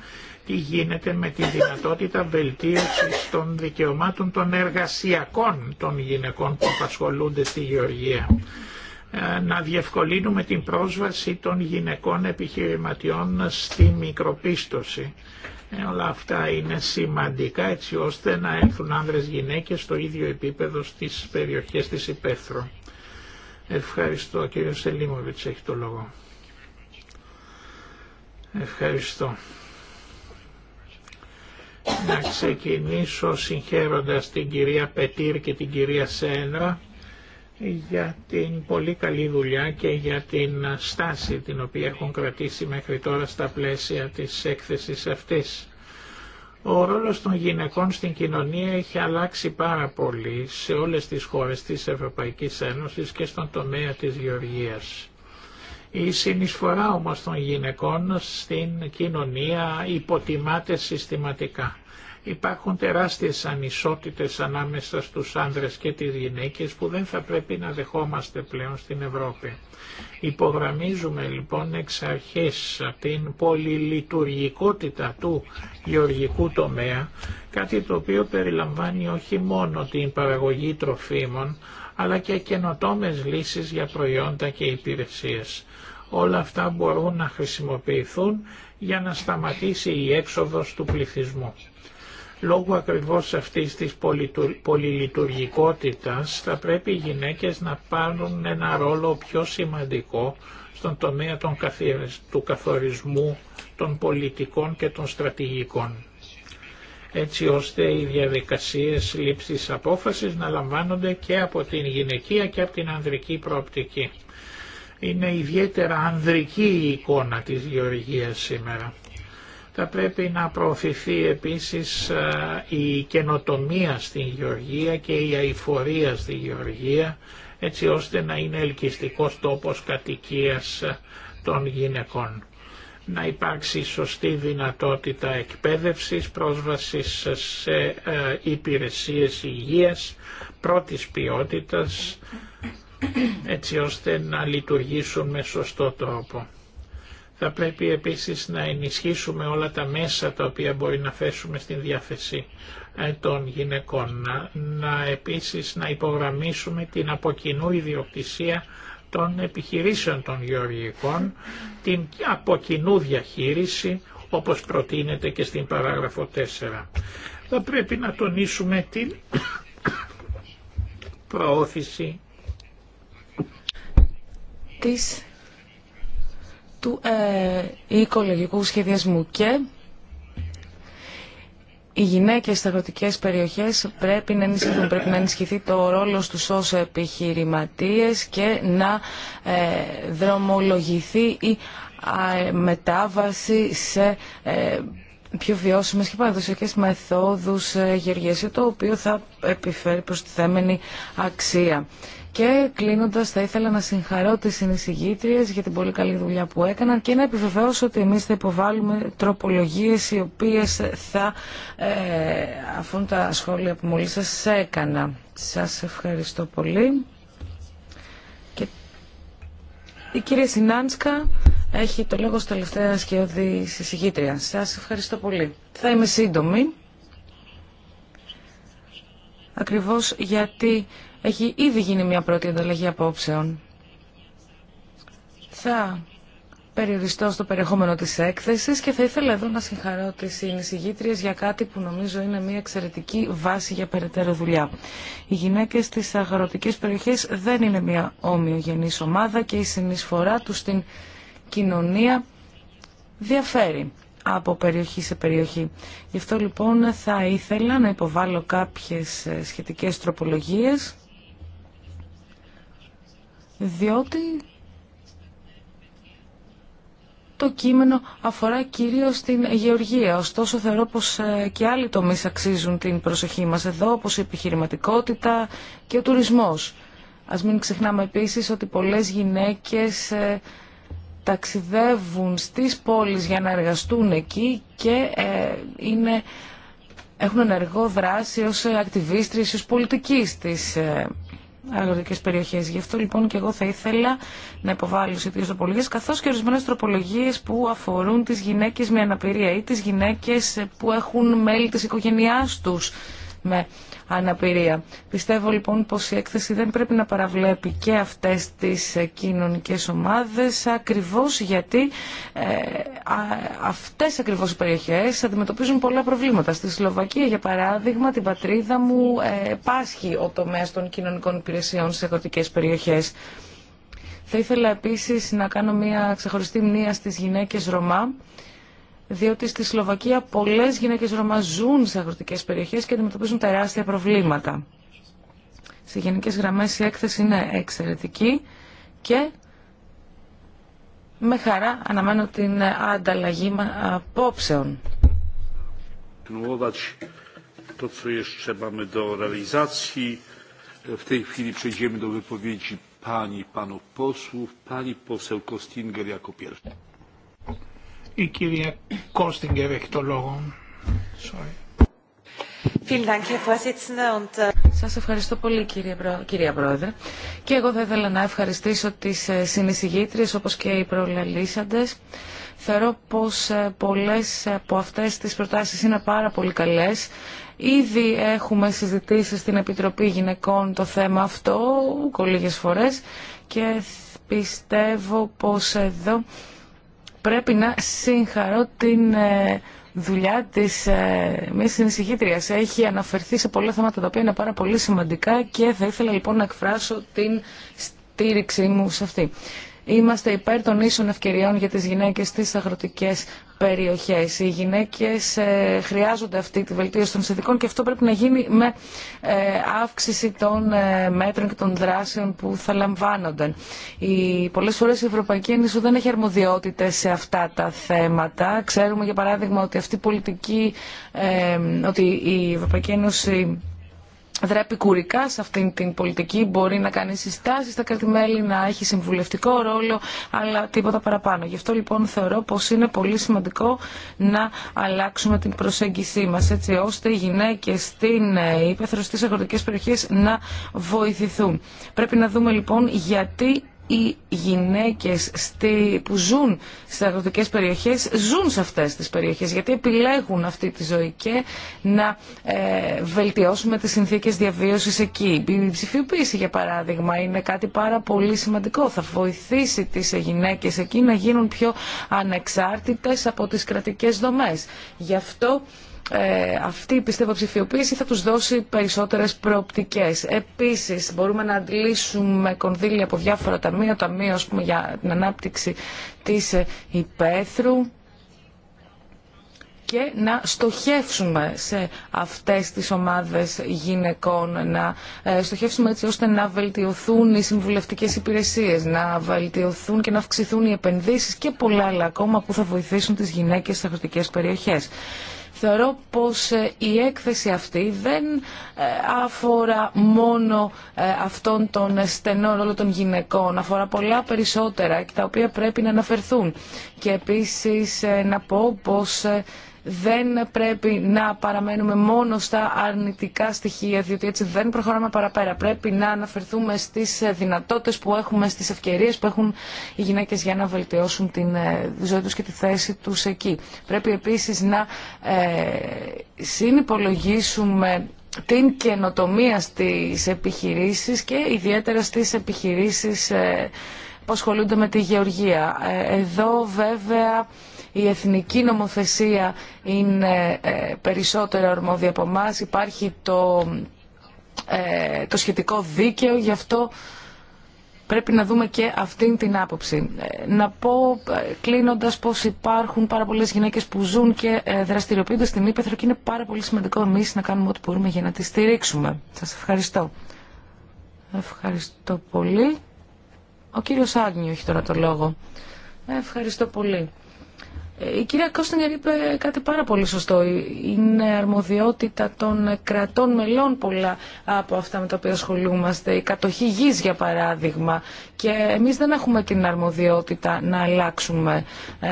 τι γίνεται με τη δυνατότητα βελτίωσης των δικαιωμάτων των εργασιακών των γυναικών που απασχολούνται στη γεωργία. Ε, να διευκολύνουμε την πρόσβαση των γυναικών επιχειρηματιών στη μικροπίστωση. Ε, όλα αυτά είναι σημαντικά έτσι ώστε να έρθουν άνδρες γυναίκες στο ίδιο επίπεδο στις περιοχές της υπαίθρου. Ευχαριστώ κύριε Σελίμωβιτς, έχει το λόγο. Ευχαριστώ. Να ξεκινήσω συγχαίροντας την κυρία Πετήρ και την κυρία Σένρα για την πολύ καλή δουλειά και για την στάση την οποία έχουν κρατήσει μέχρι τώρα στα πλαίσια της έκθεσης αυτής. Ο ρόλος των γυναικών στην κοινωνία έχει αλλάξει πάρα πολύ σε όλες τις χώρες της Ευρωπαϊκής Ένωσης και στον τομέα της γεωργίας. Η συνεισφορά όμως των γυναικών στην κοινωνία υποτιμάται συστηματικά. Υπάρχουν τεράστιες ανισότητες ανάμεσα στους άνδρες και τις γυναίκες που δεν θα πρέπει να δεχόμαστε πλέον στην Ευρώπη. Υπογραμμίζουμε λοιπόν εξ αρχής την πολυλειτουργικότητα του γεωργικού τομέα, κάτι το οποίο περιλαμβάνει όχι μόνο την παραγωγή τροφίμων, αλλά και καινοτόμες λύσεις για προϊόντα και υπηρεσίες. Όλα αυτά μπορούν να χρησιμοποιηθούν για να σταματήσει η έξοδος του πληθυσμού. Λόγω ακριβώς αυτής της πολυλειτουργικότητας θα πρέπει οι γυναίκες να πάρουν ένα ρόλο πιο σημαντικό στον τομέα των του καθορισμού των πολιτικών και των στρατηγικών έτσι ώστε οι διαδικασίες λήψης απόφασης να λαμβάνονται και από την γυναικεία και από την ανδρική προοπτική. Είναι ιδιαίτερα ανδρική η εικόνα της γεωργίας σήμερα. Θα πρέπει να προωθηθεί επίσης η καινοτομία στην γεωργία και η αηφορία στη γεωργία, έτσι ώστε να είναι ελκυστικός τόπος κατοικίας των γυναικών να υπάρξει σωστή δυνατότητα εκπαίδευσης, πρόσβασης σε ε, υπηρεσίες υγείας πρώτης ποιότητας έτσι ώστε να λειτουργήσουν με σωστό τρόπο. Θα πρέπει επίσης να ενισχύσουμε όλα τα μέσα τα οποία μπορεί να θέσουμε στην διάθεση ε, των γυναικών. Να, επίσης να υπογραμμίσουμε την αποκοινού ιδιοκτησία των επιχειρήσεων των γεωργικών, την αποκοινού διαχείριση, όπως προτείνεται και στην παράγραφο 4. Θα πρέπει να τονίσουμε την προώθηση της του ε, οικολογικού σχεδιασμού και οι γυναίκε στα αγροτικέ περιοχές πρέπει να ενισχυθούν, πρέπει να ενισχυθεί το ρόλο του ω επιχειρηματίες και να ε, δρομολογηθεί η μετάβαση σε ε, πιο βιώσιμε και παραδοσιακέ μεθόδους ε, το οποίο θα επιφέρει προστιθέμενη αξία. Και κλείνοντα θα ήθελα να συγχαρώ τις συνεισηγήτριε για την πολύ καλή δουλειά που έκαναν και να επιβεβαιώσω ότι εμείς θα υποβάλουμε τροπολογίες οι οποίες θα ε, αφούν τα σχόλια που μόλι σα έκανα. Σας ευχαριστώ πολύ. Και η κυρία Σινάντσκα έχει το λόγο στο τελευταία σκιώδη συζητήτρια. Σας ευχαριστώ πολύ. Θα είμαι σύντομη. ακριβώ γιατί έχει ήδη γίνει μια πρώτη ανταλλαγή απόψεων. Θα περιοριστώ στο περιεχόμενο της έκθεσης και θα ήθελα εδώ να συγχαρώ τις συνεισηγήτριες για κάτι που νομίζω είναι μια εξαιρετική βάση για περαιτέρω δουλειά. Οι γυναίκες της αγροτικής περιοχής δεν είναι μια ομοιογενής ομάδα και η συνεισφορά τους στην κοινωνία διαφέρει από περιοχή σε περιοχή. Γι' αυτό λοιπόν θα ήθελα να υποβάλω κάποιες ε, σχετικές τροπολογίες διότι το κείμενο αφορά κυρίως την γεωργία. Ωστόσο θεωρώ πως ε, και άλλοι τομείς αξίζουν την προσοχή μας εδώ, όπως η επιχειρηματικότητα και ο τουρισμός. Ας μην ξεχνάμε επίσης ότι πολλές γυναίκες ε, ταξιδεύουν στις πόλεις για να εργαστούν εκεί και ε, είναι, έχουν ενεργό δράση ως ακτιβίστρες, ως πολιτικής της αγροτικές περιοχές. Γι' αυτό λοιπόν και εγώ θα ήθελα να υποβάλω σχετικές τροπολογίες, καθώς και ορισμένες τροπολογίες που αφορούν τις γυναίκες με αναπηρία ή τις γυναίκες που έχουν μέλη της οικογένειάς τους με αναπηρία. Πιστεύω λοιπόν πως η έκθεση δεν πρέπει να παραβλέπει και αυτές τις ε, κοινωνικές ομάδες ακριβώς γιατί ε, αυτές ακριβώς οι περιοχές αντιμετωπίζουν πολλά προβλήματα. Στη Σλοβακία για παράδειγμα την πατρίδα μου ε, πάσχει ο τομέας των κοινωνικών υπηρεσιών σε αγροτικές περιοχές. Θα ήθελα επίσης να κάνω μια ξεχωριστή μνήμα στις γυναίκες Ρωμά διότι στη Σλοβακία πολλές γυναίκες Ρωμά ζουν σε αγροτικές περιοχές και αντιμετωπίζουν τεράστια προβλήματα. Σε γενικές γραμμές η έκθεση είναι εξαιρετική και με χαρά αναμένω την ανταλλαγή απόψεων. Η κυρία Κόστιγκερ έχει το λόγο. Äh, Σας ευχαριστώ πολύ κυρία Πρόεδρε. Και εγώ θα ήθελα να ευχαριστήσω τις ε, συνεισηγήτριες όπως και οι προλαλήσαντες. Θεωρώ πως ε, πολλές από αυτές τις προτάσεις είναι πάρα πολύ καλές. Ήδη έχουμε συζητήσει στην Επιτροπή Γυναικών το θέμα αυτό λίγες φορές και πιστεύω πως εδώ πρέπει να συγχαρώ την ε, δουλειά της ε, μη συνησυχήτριας. Έχει αναφερθεί σε πολλά θέματα τα οποία είναι πάρα πολύ σημαντικά και θα ήθελα λοιπόν να εκφράσω την στήριξή μου σε αυτή. Είμαστε υπέρ των ίσων ευκαιριών για τις γυναίκες στις αγροτικές περιοχές. Οι γυναίκες ε, χρειάζονται αυτή τη βελτίωση των συνθηκών και αυτό πρέπει να γίνει με ε, αύξηση των ε, μέτρων και των δράσεων που θα λαμβάνονται. Οι πολλές φορές η Ευρωπαϊκή Ένωση δεν έχει αρμοδιότητε σε αυτά τα θέματα. Ξέρουμε για παράδειγμα ότι αυτή η πολιτική, ότι η Ευρωπαϊκή Ένωση δρέπει κουρικά σε αυτήν την πολιτική, μπορεί να κάνει συστάσεις στα κρατημέλη, να έχει συμβουλευτικό ρόλο, αλλά τίποτα παραπάνω. Γι' αυτό λοιπόν θεωρώ πως είναι πολύ σημαντικό να αλλάξουμε την προσέγγισή μας, έτσι ώστε οι γυναίκες στην ε, ύπεθρο στι αγροτικές περιοχές να βοηθηθούν. Πρέπει να δούμε λοιπόν γιατί οι γυναίκες στη, που ζουν στις αγροτικές περιοχές ζουν σε αυτές τις περιοχές γιατί επιλέγουν αυτή τη ζωή και να ε, βελτιώσουμε τις συνθήκες διαβίωσης εκεί. Η ψηφιοποίηση για παράδειγμα είναι κάτι πάρα πολύ σημαντικό. Θα βοηθήσει τις γυναίκες εκεί να γίνουν πιο ανεξάρτητες από τις κρατικές δομές. Γι' αυτό ε, αυτή πιστεύω ψηφιοποίηση θα τους δώσει περισσότερες προοπτικές. Επίσης μπορούμε να αντλήσουμε κονδύλια από διάφορα ταμεία, ταμεία πούμε, για την ανάπτυξη της ε, υπαίθρου και να στοχεύσουμε σε αυτές τις ομάδες γυναικών, να ε, στοχεύσουμε έτσι ώστε να βελτιωθούν οι συμβουλευτικές υπηρεσίες, να βελτιωθούν και να αυξηθούν οι επενδύσεις και πολλά άλλα ακόμα που θα βοηθήσουν τις γυναίκες στις αγροτικές περιοχές. Θεωρώ πως ε, η έκθεση αυτή δεν ε, αφορά μόνο ε, αυτόν τον στενό ρόλο των γυναικών, αφορά πολλά περισσότερα και τα οποία πρέπει να αναφερθούν. Και επίσης να πω πως δεν πρέπει να παραμένουμε μόνο στα αρνητικά στοιχεία, διότι έτσι δεν προχωράμε παραπέρα. Πρέπει να αναφερθούμε στις δυνατότητε που έχουμε, στις ευκαιρίε που έχουν οι γυναίκες για να βελτιώσουν την ε, ζωή τους και τη θέση τους εκεί. Πρέπει επίσης να ε, συνυπολογίσουμε την καινοτομία στις επιχειρήσεις και ιδιαίτερα στις επιχειρήσεις ε, που ασχολούνται με τη γεωργία. Ε, εδώ βέβαια η εθνική νομοθεσία είναι ε, περισσότερο αρμόδια από εμά. Υπάρχει το, ε, το σχετικό δίκαιο, γι' αυτό πρέπει να δούμε και αυτήν την άποψη. Να πω κλείνοντας πως υπάρχουν πάρα πολλές γυναίκες που ζουν και δραστηριοποιούνται στην Ήπεθρο και είναι πάρα πολύ σημαντικό εμείς να κάνουμε ό,τι μπορούμε για να τις στηρίξουμε. Σας ευχαριστώ. Ευχαριστώ πολύ. Ο κύριος Άγνιου έχει τώρα το λόγο. Ε, ευχαριστώ πολύ. Ε, η κυρία Κώστινγκερ είπε κάτι πάρα πολύ σωστό. Ε, είναι αρμοδιότητα των κρατών μελών πολλά από αυτά με τα οποία ασχολούμαστε. Η κατοχή γης, για παράδειγμα. Και εμείς δεν έχουμε την αρμοδιότητα να αλλάξουμε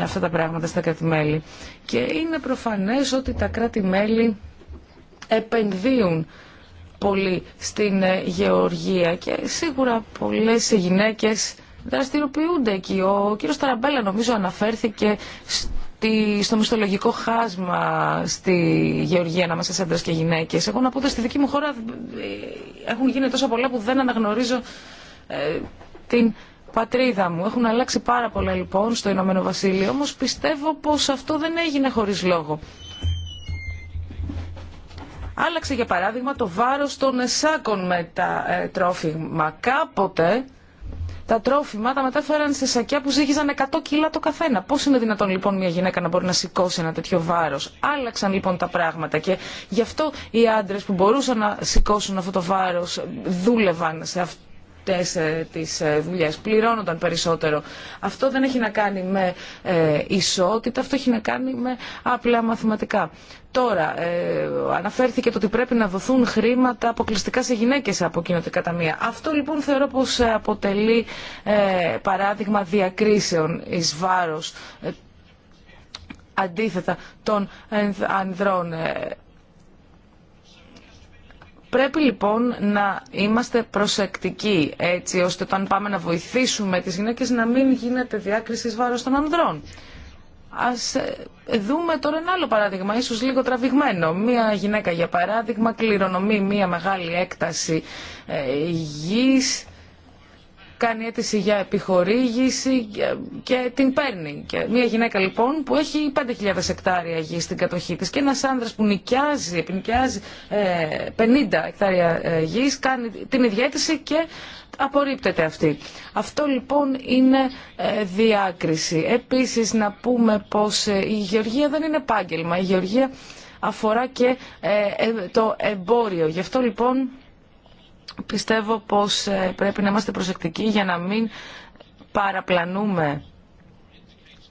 αυτά τα πράγματα στα κρατη Και είναι προφανές ότι τα κράτη-μέλη επενδύουν πολύ στην ε, Γεωργία και σίγουρα πολλές γυναίκες δραστηριοποιούνται εκεί. Ο κύριος Ταραμπέλα νομίζω αναφέρθηκε στο μισθολογικό χάσμα στη Γεωργία ανάμεσα σε άντρε και γυναίκε. Εγώ να πω ότι στη δική μου χώρα ε, έχουν γίνει τόσα πολλά που δεν αναγνωρίζω ε, την πατρίδα μου. Έχουν αλλάξει πάρα πολλά λοιπόν στο Ηνωμένο Βασίλειο, όμω πιστεύω πως αυτό δεν έγινε χωρίς λόγο. Άλλαξε για παράδειγμα το βάρος των σάκων με τα ε, τρόφιμα. Κάποτε τα τρόφιμα τα μετέφεραν σε σακιά που ζύγιζαν 100 κιλά το καθένα. Πώς είναι δυνατόν λοιπόν μια γυναίκα να μπορεί να σηκώσει ένα τέτοιο βάρος. Άλλαξαν λοιπόν τα πράγματα και γι' αυτό οι άντρε που μπορούσαν να σηκώσουν αυτό το βάρος δούλευαν σε αυτό αυτές ε, τις ε, δουλειές, πληρώνονταν περισσότερο. Αυτό δεν έχει να κάνει με ε, ισότητα, αυτό έχει να κάνει με απλά μαθηματικά. Τώρα, αναφέρθηκε το ότι πρέπει να δοθούν χρήματα αποκλειστικά σε γυναίκες από κοινοτικά ταμεία. Αυτό λοιπόν θεωρώ πως αποτελεί παράδειγμα διακρίσεων εις βάρος αντίθετα των ανδρών. Πρέπει λοιπόν να είμαστε προσεκτικοί έτσι ώστε όταν πάμε να βοηθήσουμε τις γυναίκες να μην γίνεται διάκριση βάρος των ανδρών. Ας ε, δούμε τώρα ένα άλλο παράδειγμα, ίσως λίγο τραβηγμένο. Μία γυναίκα για παράδειγμα κληρονομεί μία μεγάλη έκταση ε, γης κάνει αίτηση για επιχορήγηση και την παίρνει. Και μια γυναίκα λοιπόν που έχει 5.000 εκτάρια γη στην κατοχή της και ένας άνδρας που νοικιάζει, ε, 50 εκτάρια ε, γης κάνει την ίδια αίτηση και απορρίπτεται αυτή. Αυτό λοιπόν είναι ε, διάκριση. Επίσης να πούμε πως ε, η γεωργία δεν είναι επάγγελμα. Η γεωργία αφορά και το εμπόριο. Γι' αυτό λοιπόν Πιστεύω πως ε, πρέπει να είμαστε προσεκτικοί για να μην παραπλανούμε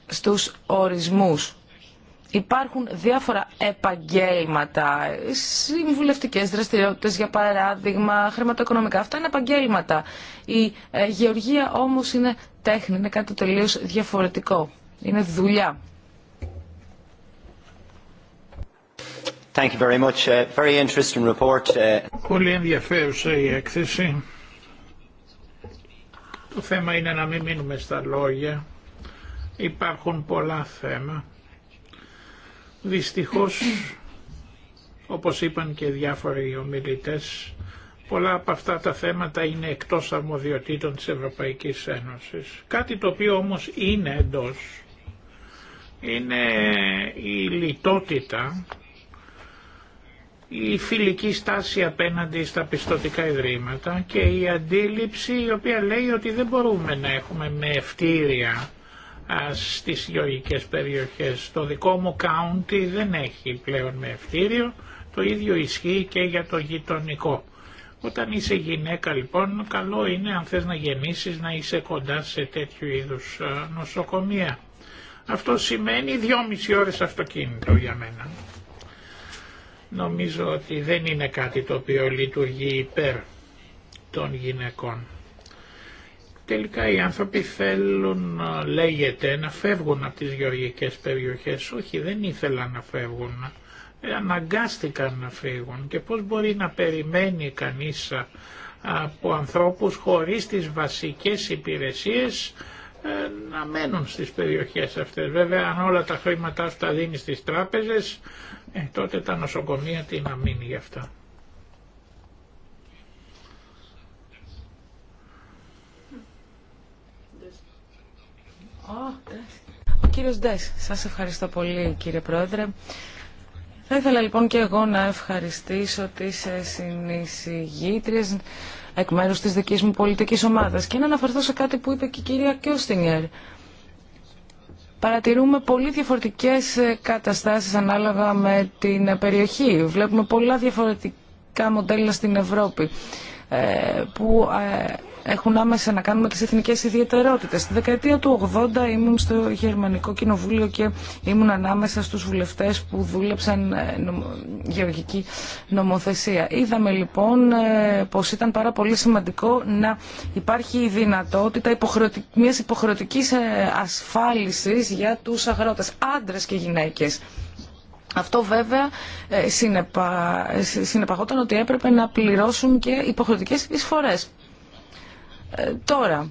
στους ορισμούς. Υπάρχουν διάφορα επαγγέλματα, συμβουλευτικές δραστηριότητες για παράδειγμα, χρηματοοικονομικά, αυτά είναι επαγγέλματα. Η ε, γεωργία όμως είναι τέχνη, είναι κάτι τελείως διαφορετικό, είναι δουλειά. Thank you very uh, uh, Πολύ ενδιαφέρουσα η έκθεση. Το θέμα είναι να μην μείνουμε στα λόγια. Υπάρχουν πολλά θέματα. Δυστυχώς, όπως είπαν και διάφοροι ομιλητές, πολλά από αυτά τα θέματα είναι εκτός αρμοδιοτήτων της Ευρωπαϊκής Ένωσης. Κάτι το οποίο όμως είναι εντός είναι η λιτότητα η φιλική στάση απέναντι στα πιστοτικά ιδρύματα και η αντίληψη η οποία λέει ότι δεν μπορούμε να έχουμε με ευτήρια στις γεωργικές περιοχές. Το δικό μου county δεν έχει πλέον με ευτήριο, το ίδιο ισχύει και για το γειτονικό. Όταν είσαι γυναίκα λοιπόν καλό είναι αν θες να γεννήσεις να είσαι κοντά σε τέτοιου είδους νοσοκομεία. Αυτό σημαίνει δυόμιση ώρες αυτοκίνητο για μένα. Νομίζω ότι δεν είναι κάτι το οποίο λειτουργεί υπέρ των γυναικών. Τελικά οι άνθρωποι θέλουν, λέγεται, να φεύγουν από τις γεωργικές περιοχές. Όχι, δεν ήθελαν να φεύγουν. Ε, αναγκάστηκαν να φύγουν. Και πώς μπορεί να περιμένει κανείς από ανθρώπους χωρίς τις βασικές υπηρεσίες ε, να μένουν στις περιοχές αυτές. Βέβαια, αν όλα τα χρήματά αυτά δίνει στις τράπεζες, ε, τότε τα νοσοκομεία τι να μείνει γι' αυτό. Ο κύριος Ντές, σας ευχαριστώ πολύ κύριε Πρόεδρε. Θα ήθελα λοιπόν και εγώ να ευχαριστήσω τις συνεισηγήτριες εκ μέρους της δικής μου πολιτικής ομάδας και να αναφερθώ σε κάτι που είπε και η κυρία Κιώστινγκερ παρατηρούμε πολύ διαφορετικές ε, καταστάσεις ανάλογα με την περιοχή. Βλέπουμε πολλά διαφορετικά μοντέλα στην Ευρώπη ε, που ε, έχουν άμεσα να κάνουν με τις εθνικές ιδιαιτερότητες. Στη δεκαετία του 80 ήμουν στο Γερμανικό Κοινοβούλιο και ήμουν ανάμεσα στους βουλευτές που δούλεψαν ε, γεωργική νομοθεσία. Είδαμε λοιπόν ε, πως ήταν πάρα πολύ σημαντικό να υπάρχει η δυνατότητα μιας υποχρεωτικής ε, ασφάλισης για τους αγρότες, άντρες και γυναίκες. Αυτό βέβαια συνεπα... συνεπαγόταν ότι έπρεπε να πληρώσουν και υποχρεωτικές εισφορές ε, τώρα,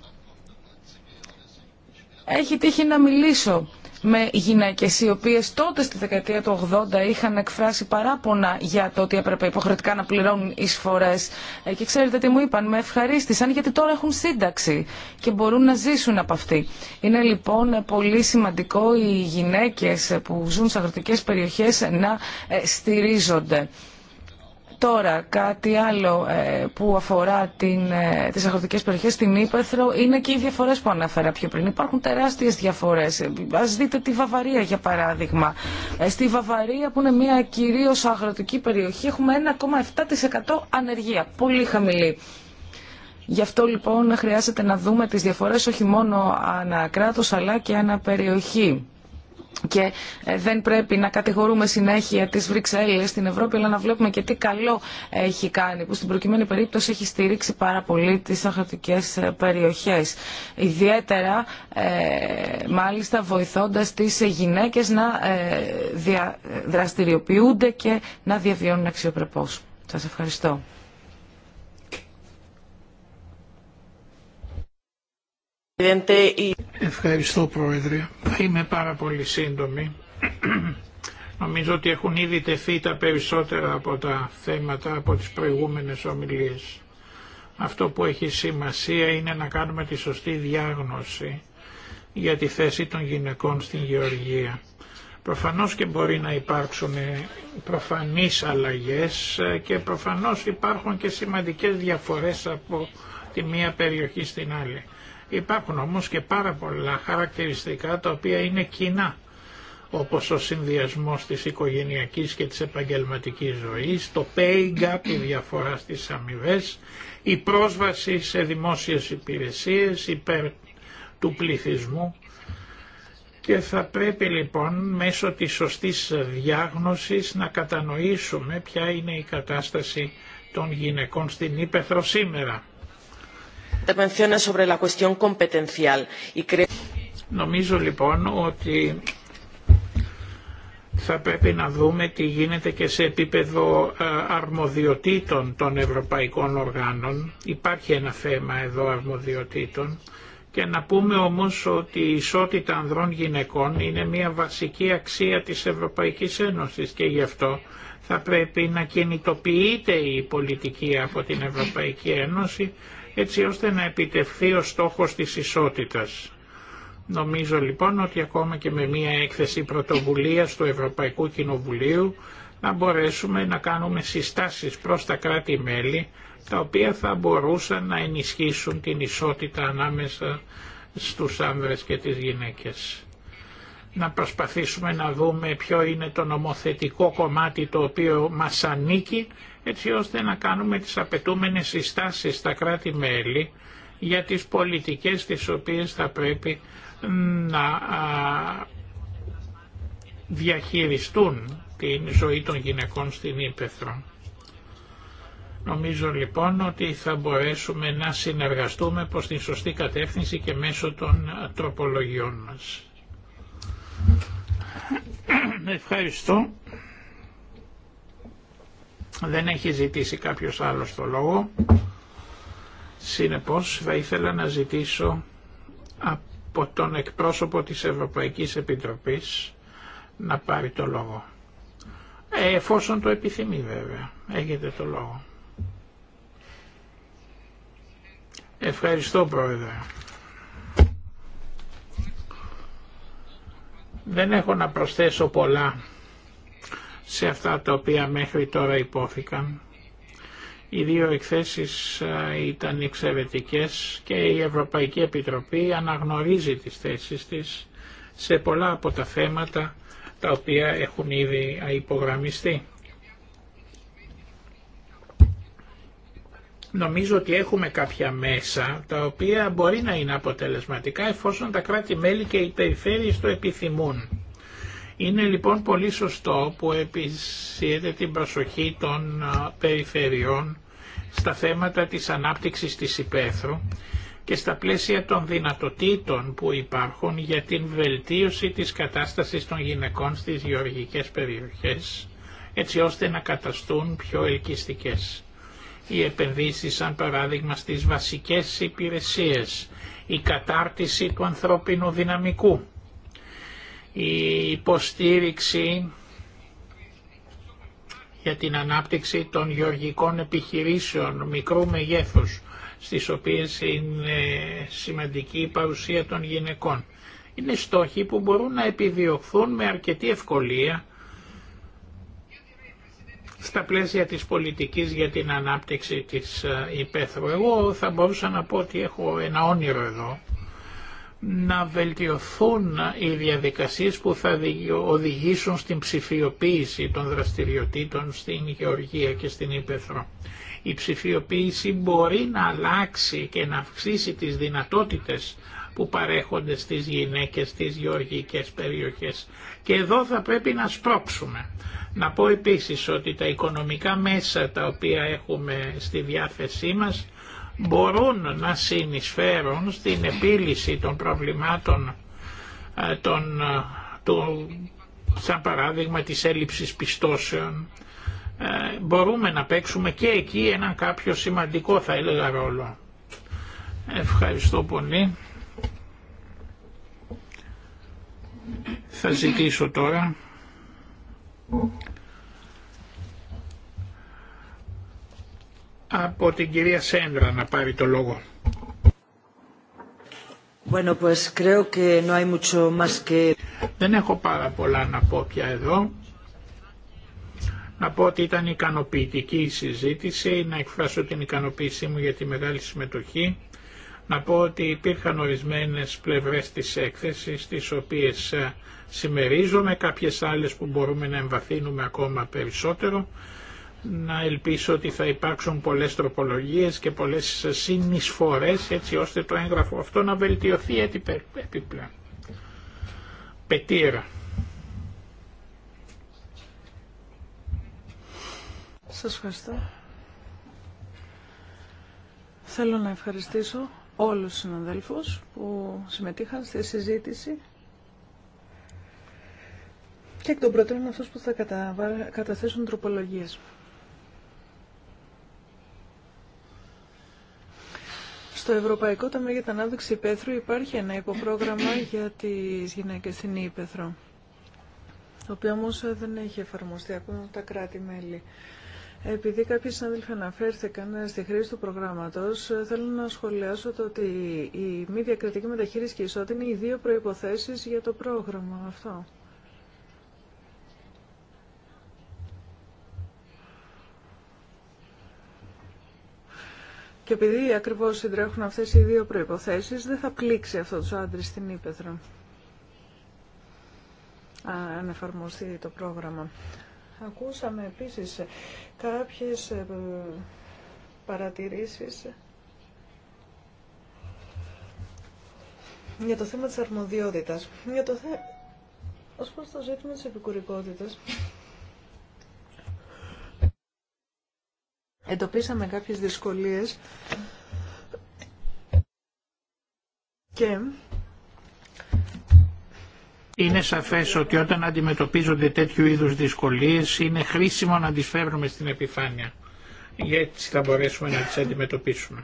έχει τύχει να μιλήσω με γυναίκες οι οποίες τότε στη δεκαετία του 80 είχαν εκφράσει παράπονα για το ότι έπρεπε υποχρεωτικά να πληρώνουν εισφορές ε, και ξέρετε τι μου είπαν, με ευχαρίστησαν γιατί τώρα έχουν σύνταξη και μπορούν να ζήσουν από αυτή. Είναι λοιπόν πολύ σημαντικό οι γυναίκες που ζουν σε αγροτικές περιοχές να ε, στηρίζονται. Τώρα, κάτι άλλο ε, που αφορά την, ε, τις αγροτικές περιοχές στην Ήπεθρο είναι και οι διαφορές που αναφέρα πιο πριν. Υπάρχουν τεράστιες διαφορές. Ε, ας δείτε τη Βαβαρία, για παράδειγμα. στη Βαβαρία, που είναι μια κυρίως αγροτική περιοχή, έχουμε 1,7% ανεργία. Πολύ χαμηλή. Γι' αυτό λοιπόν χρειάζεται να δούμε τις διαφορές όχι μόνο ανά κράτος αλλά και ανά περιοχή και ε, δεν πρέπει να κατηγορούμε συνέχεια τις Βρυξέλλες στην Ευρώπη αλλά να βλέπουμε και τι καλό έχει κάνει που στην προκειμένη περίπτωση έχει στηρίξει πάρα πολύ τις αγροτικές ε, περιοχές ιδιαίτερα ε, μάλιστα βοηθώντας τις γυναίκες να δραστηριοποιούνται και να διαβιώνουν αξιοπρεπώς. Σας ευχαριστώ. Ευχαριστώ Πρόεδρε. Θα είμαι πάρα πολύ σύντομη. Νομίζω ότι έχουν ήδη τεθεί τα περισσότερα από τα θέματα από τις προηγούμενες ομιλίες. Αυτό που έχει σημασία είναι να κάνουμε τη σωστή διάγνωση για τη θέση των γυναικών στην γεωργία. Προφανώς και μπορεί να υπάρξουν προφανείς αλλαγές και προφανώς υπάρχουν και σημαντικές διαφορές από τη μία περιοχή στην άλλη. Υπάρχουν όμως και πάρα πολλά χαρακτηριστικά τα οποία είναι κοινά όπως ο συνδυασμός της οικογενειακής και της επαγγελματικής ζωής, το pay gap, η διαφορά στις αμοιβέ, η πρόσβαση σε δημόσιες υπηρεσίες υπέρ του πληθυσμού και θα πρέπει λοιπόν μέσω της σωστής διάγνωσης να κατανοήσουμε ποια είναι η κατάσταση των γυναικών στην Ήπεθρο σήμερα sobre la cuestión competencial y creo Νομίζω λοιπόν ότι θα πρέπει να δούμε τι γίνεται και σε επίπεδο ε, αρμοδιοτήτων των ευρωπαϊκών οργάνων. Υπάρχει ένα θέμα εδώ αρμοδιοτήτων και να πούμε όμως ότι η ισότητα ανδρών γυναικών είναι μια βασική αξία της Ευρωπαϊκής Ένωσης και γι' αυτό θα πρέπει να κινητοποιείται η πολιτική από την Ευρωπαϊκή Ένωση έτσι ώστε να επιτευχθεί ο στόχος της ισότητας. Νομίζω λοιπόν ότι ακόμα και με μια έκθεση πρωτοβουλίας του Ευρωπαϊκού Κοινοβουλίου να μπορέσουμε να κάνουμε συστάσεις προς τα κράτη-μέλη τα οποία θα μπορούσαν να ενισχύσουν την ισότητα ανάμεσα στους άνδρες και τις γυναίκες να προσπαθήσουμε να δούμε ποιο είναι το νομοθετικό κομμάτι το οποίο μας ανήκει έτσι ώστε να κάνουμε τις απαιτούμενες συστάσεις στα κράτη-μέλη για τις πολιτικές τις οποίες θα πρέπει να διαχειριστούν την ζωή των γυναικών στην Ήπεθρο. Νομίζω λοιπόν ότι θα μπορέσουμε να συνεργαστούμε προς την σωστή κατεύθυνση και μέσω των τροπολογιών μας. Ευχαριστώ. Δεν έχει ζητήσει κάποιος άλλος το λόγο. Συνεπώς θα ήθελα να ζητήσω από τον εκπρόσωπο της Ευρωπαϊκής Επιτροπής να πάρει το λόγο. Ε, εφόσον το επιθυμεί βέβαια. Έχετε το λόγο. Ευχαριστώ πρόεδρε. Δεν έχω να προσθέσω πολλά σε αυτά τα οποία μέχρι τώρα υπόθηκαν. Οι δύο εκθέσεις ήταν εξαιρετικές και η Ευρωπαϊκή Επιτροπή αναγνωρίζει τις θέσεις της σε πολλά από τα θέματα τα οποία έχουν ήδη υπογραμμιστεί. Νομίζω ότι έχουμε κάποια μέσα τα οποία μπορεί να είναι αποτελεσματικά εφόσον τα κράτη-μέλη και οι περιφέρειες το επιθυμούν. Είναι λοιπόν πολύ σωστό που επισύρεται την προσοχή των περιφερειών στα θέματα της ανάπτυξης της υπαίθρου και στα πλαίσια των δυνατοτήτων που υπάρχουν για την βελτίωση της κατάστασης των γυναικών στις γεωργικές περιοχές, έτσι ώστε να καταστούν πιο ελκυστικές οι επενδύσεις σαν παράδειγμα στις βασικές υπηρεσίες, η κατάρτιση του ανθρώπινου δυναμικού, η υποστήριξη για την ανάπτυξη των γεωργικών επιχειρήσεων μικρού μεγέθους, στις οποίες είναι σημαντική η παρουσία των γυναικών. Είναι στόχοι που μπορούν να επιδιωχθούν με αρκετή ευκολία στα πλαίσια της πολιτικής για την ανάπτυξη της ε, υπαίθρου. Εγώ θα μπορούσα να πω ότι έχω ένα όνειρο εδώ, να βελτιωθούν οι διαδικασίες που θα οδηγήσουν στην ψηφιοποίηση των δραστηριοτήτων στην Γεωργία και στην Ήπεθρο. Η ψηφιοποίηση μπορεί να αλλάξει και να αυξήσει τις δυνατότητες που παρέχονται στις γυναίκες στις γεωργικές περιοχές. Και εδώ θα πρέπει να σπρώξουμε. Να πω επίσης ότι τα οικονομικά μέσα τα οποία έχουμε στη διάθεσή μας μπορούν να συνεισφέρουν στην επίλυση των προβλημάτων ε, των, ε, του, σαν παράδειγμα της έλλειψης πιστώσεων ε, μπορούμε να παίξουμε και εκεί έναν κάποιο σημαντικό θα έλεγα ρόλο. Ευχαριστώ πολύ. Θα ζητήσω τώρα από την κυρία Σέντρα να πάρει το λόγο. Bueno, pues creo que Δεν έχω πάρα πολλά να πω πια εδώ. Να πω ότι ήταν ικανοποιητική η συζήτηση, να εκφράσω την ικανοποίησή μου για τη μεγάλη συμμετοχή να πω ότι υπήρχαν ορισμένες πλευρές της έκθεσης τις οποίες ε, συμμερίζομαι, κάποιες άλλες που μπορούμε να εμβαθύνουμε ακόμα περισσότερο. Να ελπίσω ότι θα υπάρξουν πολλές τροπολογίες και πολλές ε, συνεισφορές έτσι ώστε το έγγραφο αυτό να βελτιωθεί επιπλέον. Πετήρα. Σας ευχαριστώ. Θέλω να ευχαριστήσω όλους τους συναδέλφους που συμμετείχαν στη συζήτηση και εκ των προτέρων αυτούς που θα καταθέσουν τροπολογίες. Στο Ευρωπαϊκό Ταμείο για την Ανάπτυξη Υπέθρου υπάρχει ένα υποπρόγραμμα για τις γυναίκες στην Ήπεθρο, το οποίο όμως δεν έχει εφαρμοστεί ακόμα από τα κράτη-μέλη. Επειδή κάποιοι συνάδελφοι αναφέρθηκαν στη χρήση του προγράμματο, θέλω να σχολιάσω το ότι η μη διακριτική μεταχείριση και η ισότητα είναι οι δύο προϋποθέσεις για το πρόγραμμα αυτό. Και επειδή ακριβώς συντρέχουν αυτές οι δύο προϋποθέσεις, δεν θα πλήξει αυτό του άντρε στην Ήπεθρο αν εφαρμοστεί το πρόγραμμα. Ακούσαμε επίσης κάποιες ε, παρατηρήσεις για το θέμα της αρμοδιότητας. Για το θε... Ως προς το ζήτημα της επικουρικότητας, εντοπίσαμε κάποιες δυσκολίες και είναι σαφές ότι όταν αντιμετωπίζονται τέτοιου είδους δυσκολίες είναι χρήσιμο να τις φέρνουμε στην επιφάνεια. Γιατί έτσι θα μπορέσουμε να τις αντιμετωπίσουμε.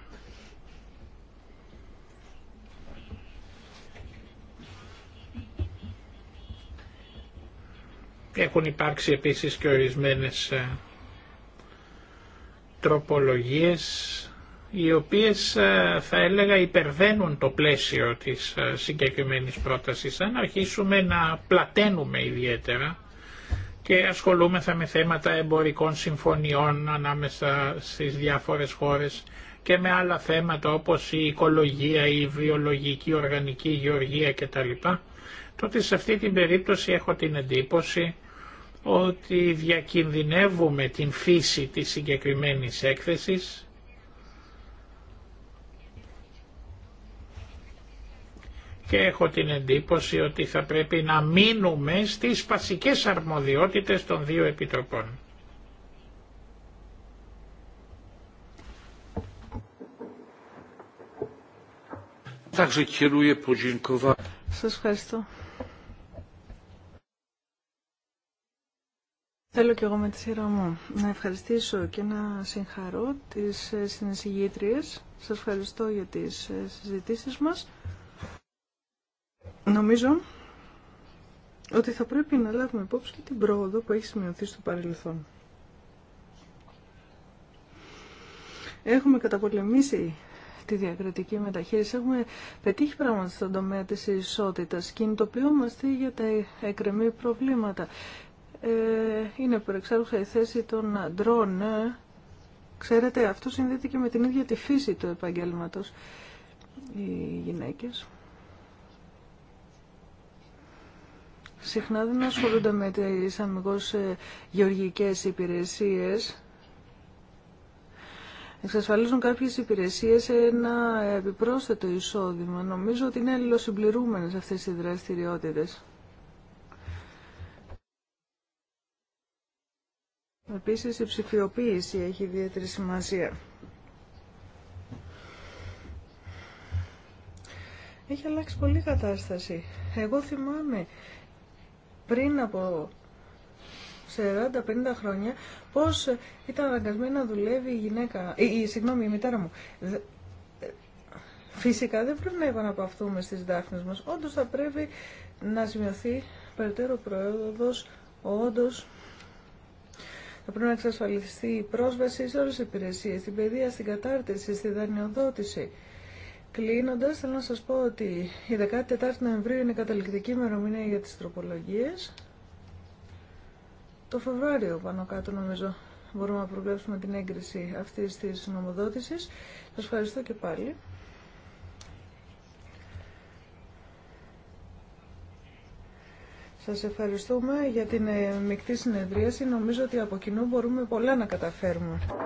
Έχουν υπάρξει επίσης και ορισμένες ε, τροπολογίες οι οποίες ε, θα έλεγα υπερβαίνουν το πλαίσιο της ε, συγκεκριμένης πρότασης. Αν αρχίσουμε να πλαταίνουμε ιδιαίτερα και ασχολούμεθα με θέματα εμπορικών συμφωνιών ανάμεσα στις διάφορες χώρες και με άλλα θέματα όπως η οικολογία, η βιολογική, η οργανική γεωργία κτλ. Τότε σε αυτή την περίπτωση έχω την εντύπωση ότι διακινδυνεύουμε την φύση της συγκεκριμένης έκθεσης και έχω την εντύπωση ότι θα πρέπει να μείνουμε στις βασικές αρμοδιότητες των δύο επιτροπών. Σας ευχαριστώ. Θέλω και εγώ με τη σειρά μου να ευχαριστήσω και να συγχαρώ τις ε, συνεισηγήτριες. Σας ευχαριστώ για τις ε, συζητήσεις μας. Νομίζω ότι θα πρέπει να λάβουμε υπόψη και την πρόοδο που έχει σημειωθεί στο παρελθόν. Έχουμε καταπολεμήσει τη διακριτική μεταχείριση. Έχουμε πετύχει πράγματα στον τομέα της ισότητας. Κινητοποιούμαστε για τα εκκρεμή προβλήματα. Ε, είναι προεξάρουσα η θέση των αντρών. Ε, ξέρετε, αυτό συνδέεται και με την ίδια τη φύση του επαγγέλματος οι γυναίκες. συχνά δεν ασχολούνται με τις αμυγός ε, γεωργικές υπηρεσίες. Εξασφαλίζουν κάποιες υπηρεσίες ένα επιπρόσθετο εισόδημα. Νομίζω ότι είναι αλληλοσυμπληρούμενες αυτές οι δραστηριότητες. Επίσης η ψηφιοποίηση έχει ιδιαίτερη σημασία. Έχει αλλάξει πολύ κατάσταση. Εγώ θυμάμαι πριν από 40-50 χρόνια πώς ήταν αναγκασμένη να δουλεύει η γυναίκα, η, συγγνώμη, η μητέρα μου. Φυσικά δεν πρέπει να επαναπαυτούμε στις δάφνες μας. Όντως θα πρέπει να σημειωθεί περαιτέρω προέδοδος, όντως θα πρέπει να εξασφαλιστεί η πρόσβαση σε όλες τις υπηρεσίες, στην παιδεία, στην κατάρτιση, στη δανειοδότηση. Κλείνοντας, θέλω να σα πω ότι η 14η Νοεμβρίου είναι η καταληκτική ημερομηνία για τι τροπολογίε. Το Φεβρουάριο πάνω κάτω νομίζω μπορούμε να προβλέψουμε την έγκριση αυτή τη νομοδότησης. Σα ευχαριστώ και πάλι. Σας ευχαριστούμε για την ε, μεικτή συνεδρίαση. Νομίζω ότι από κοινού μπορούμε πολλά να καταφέρουμε.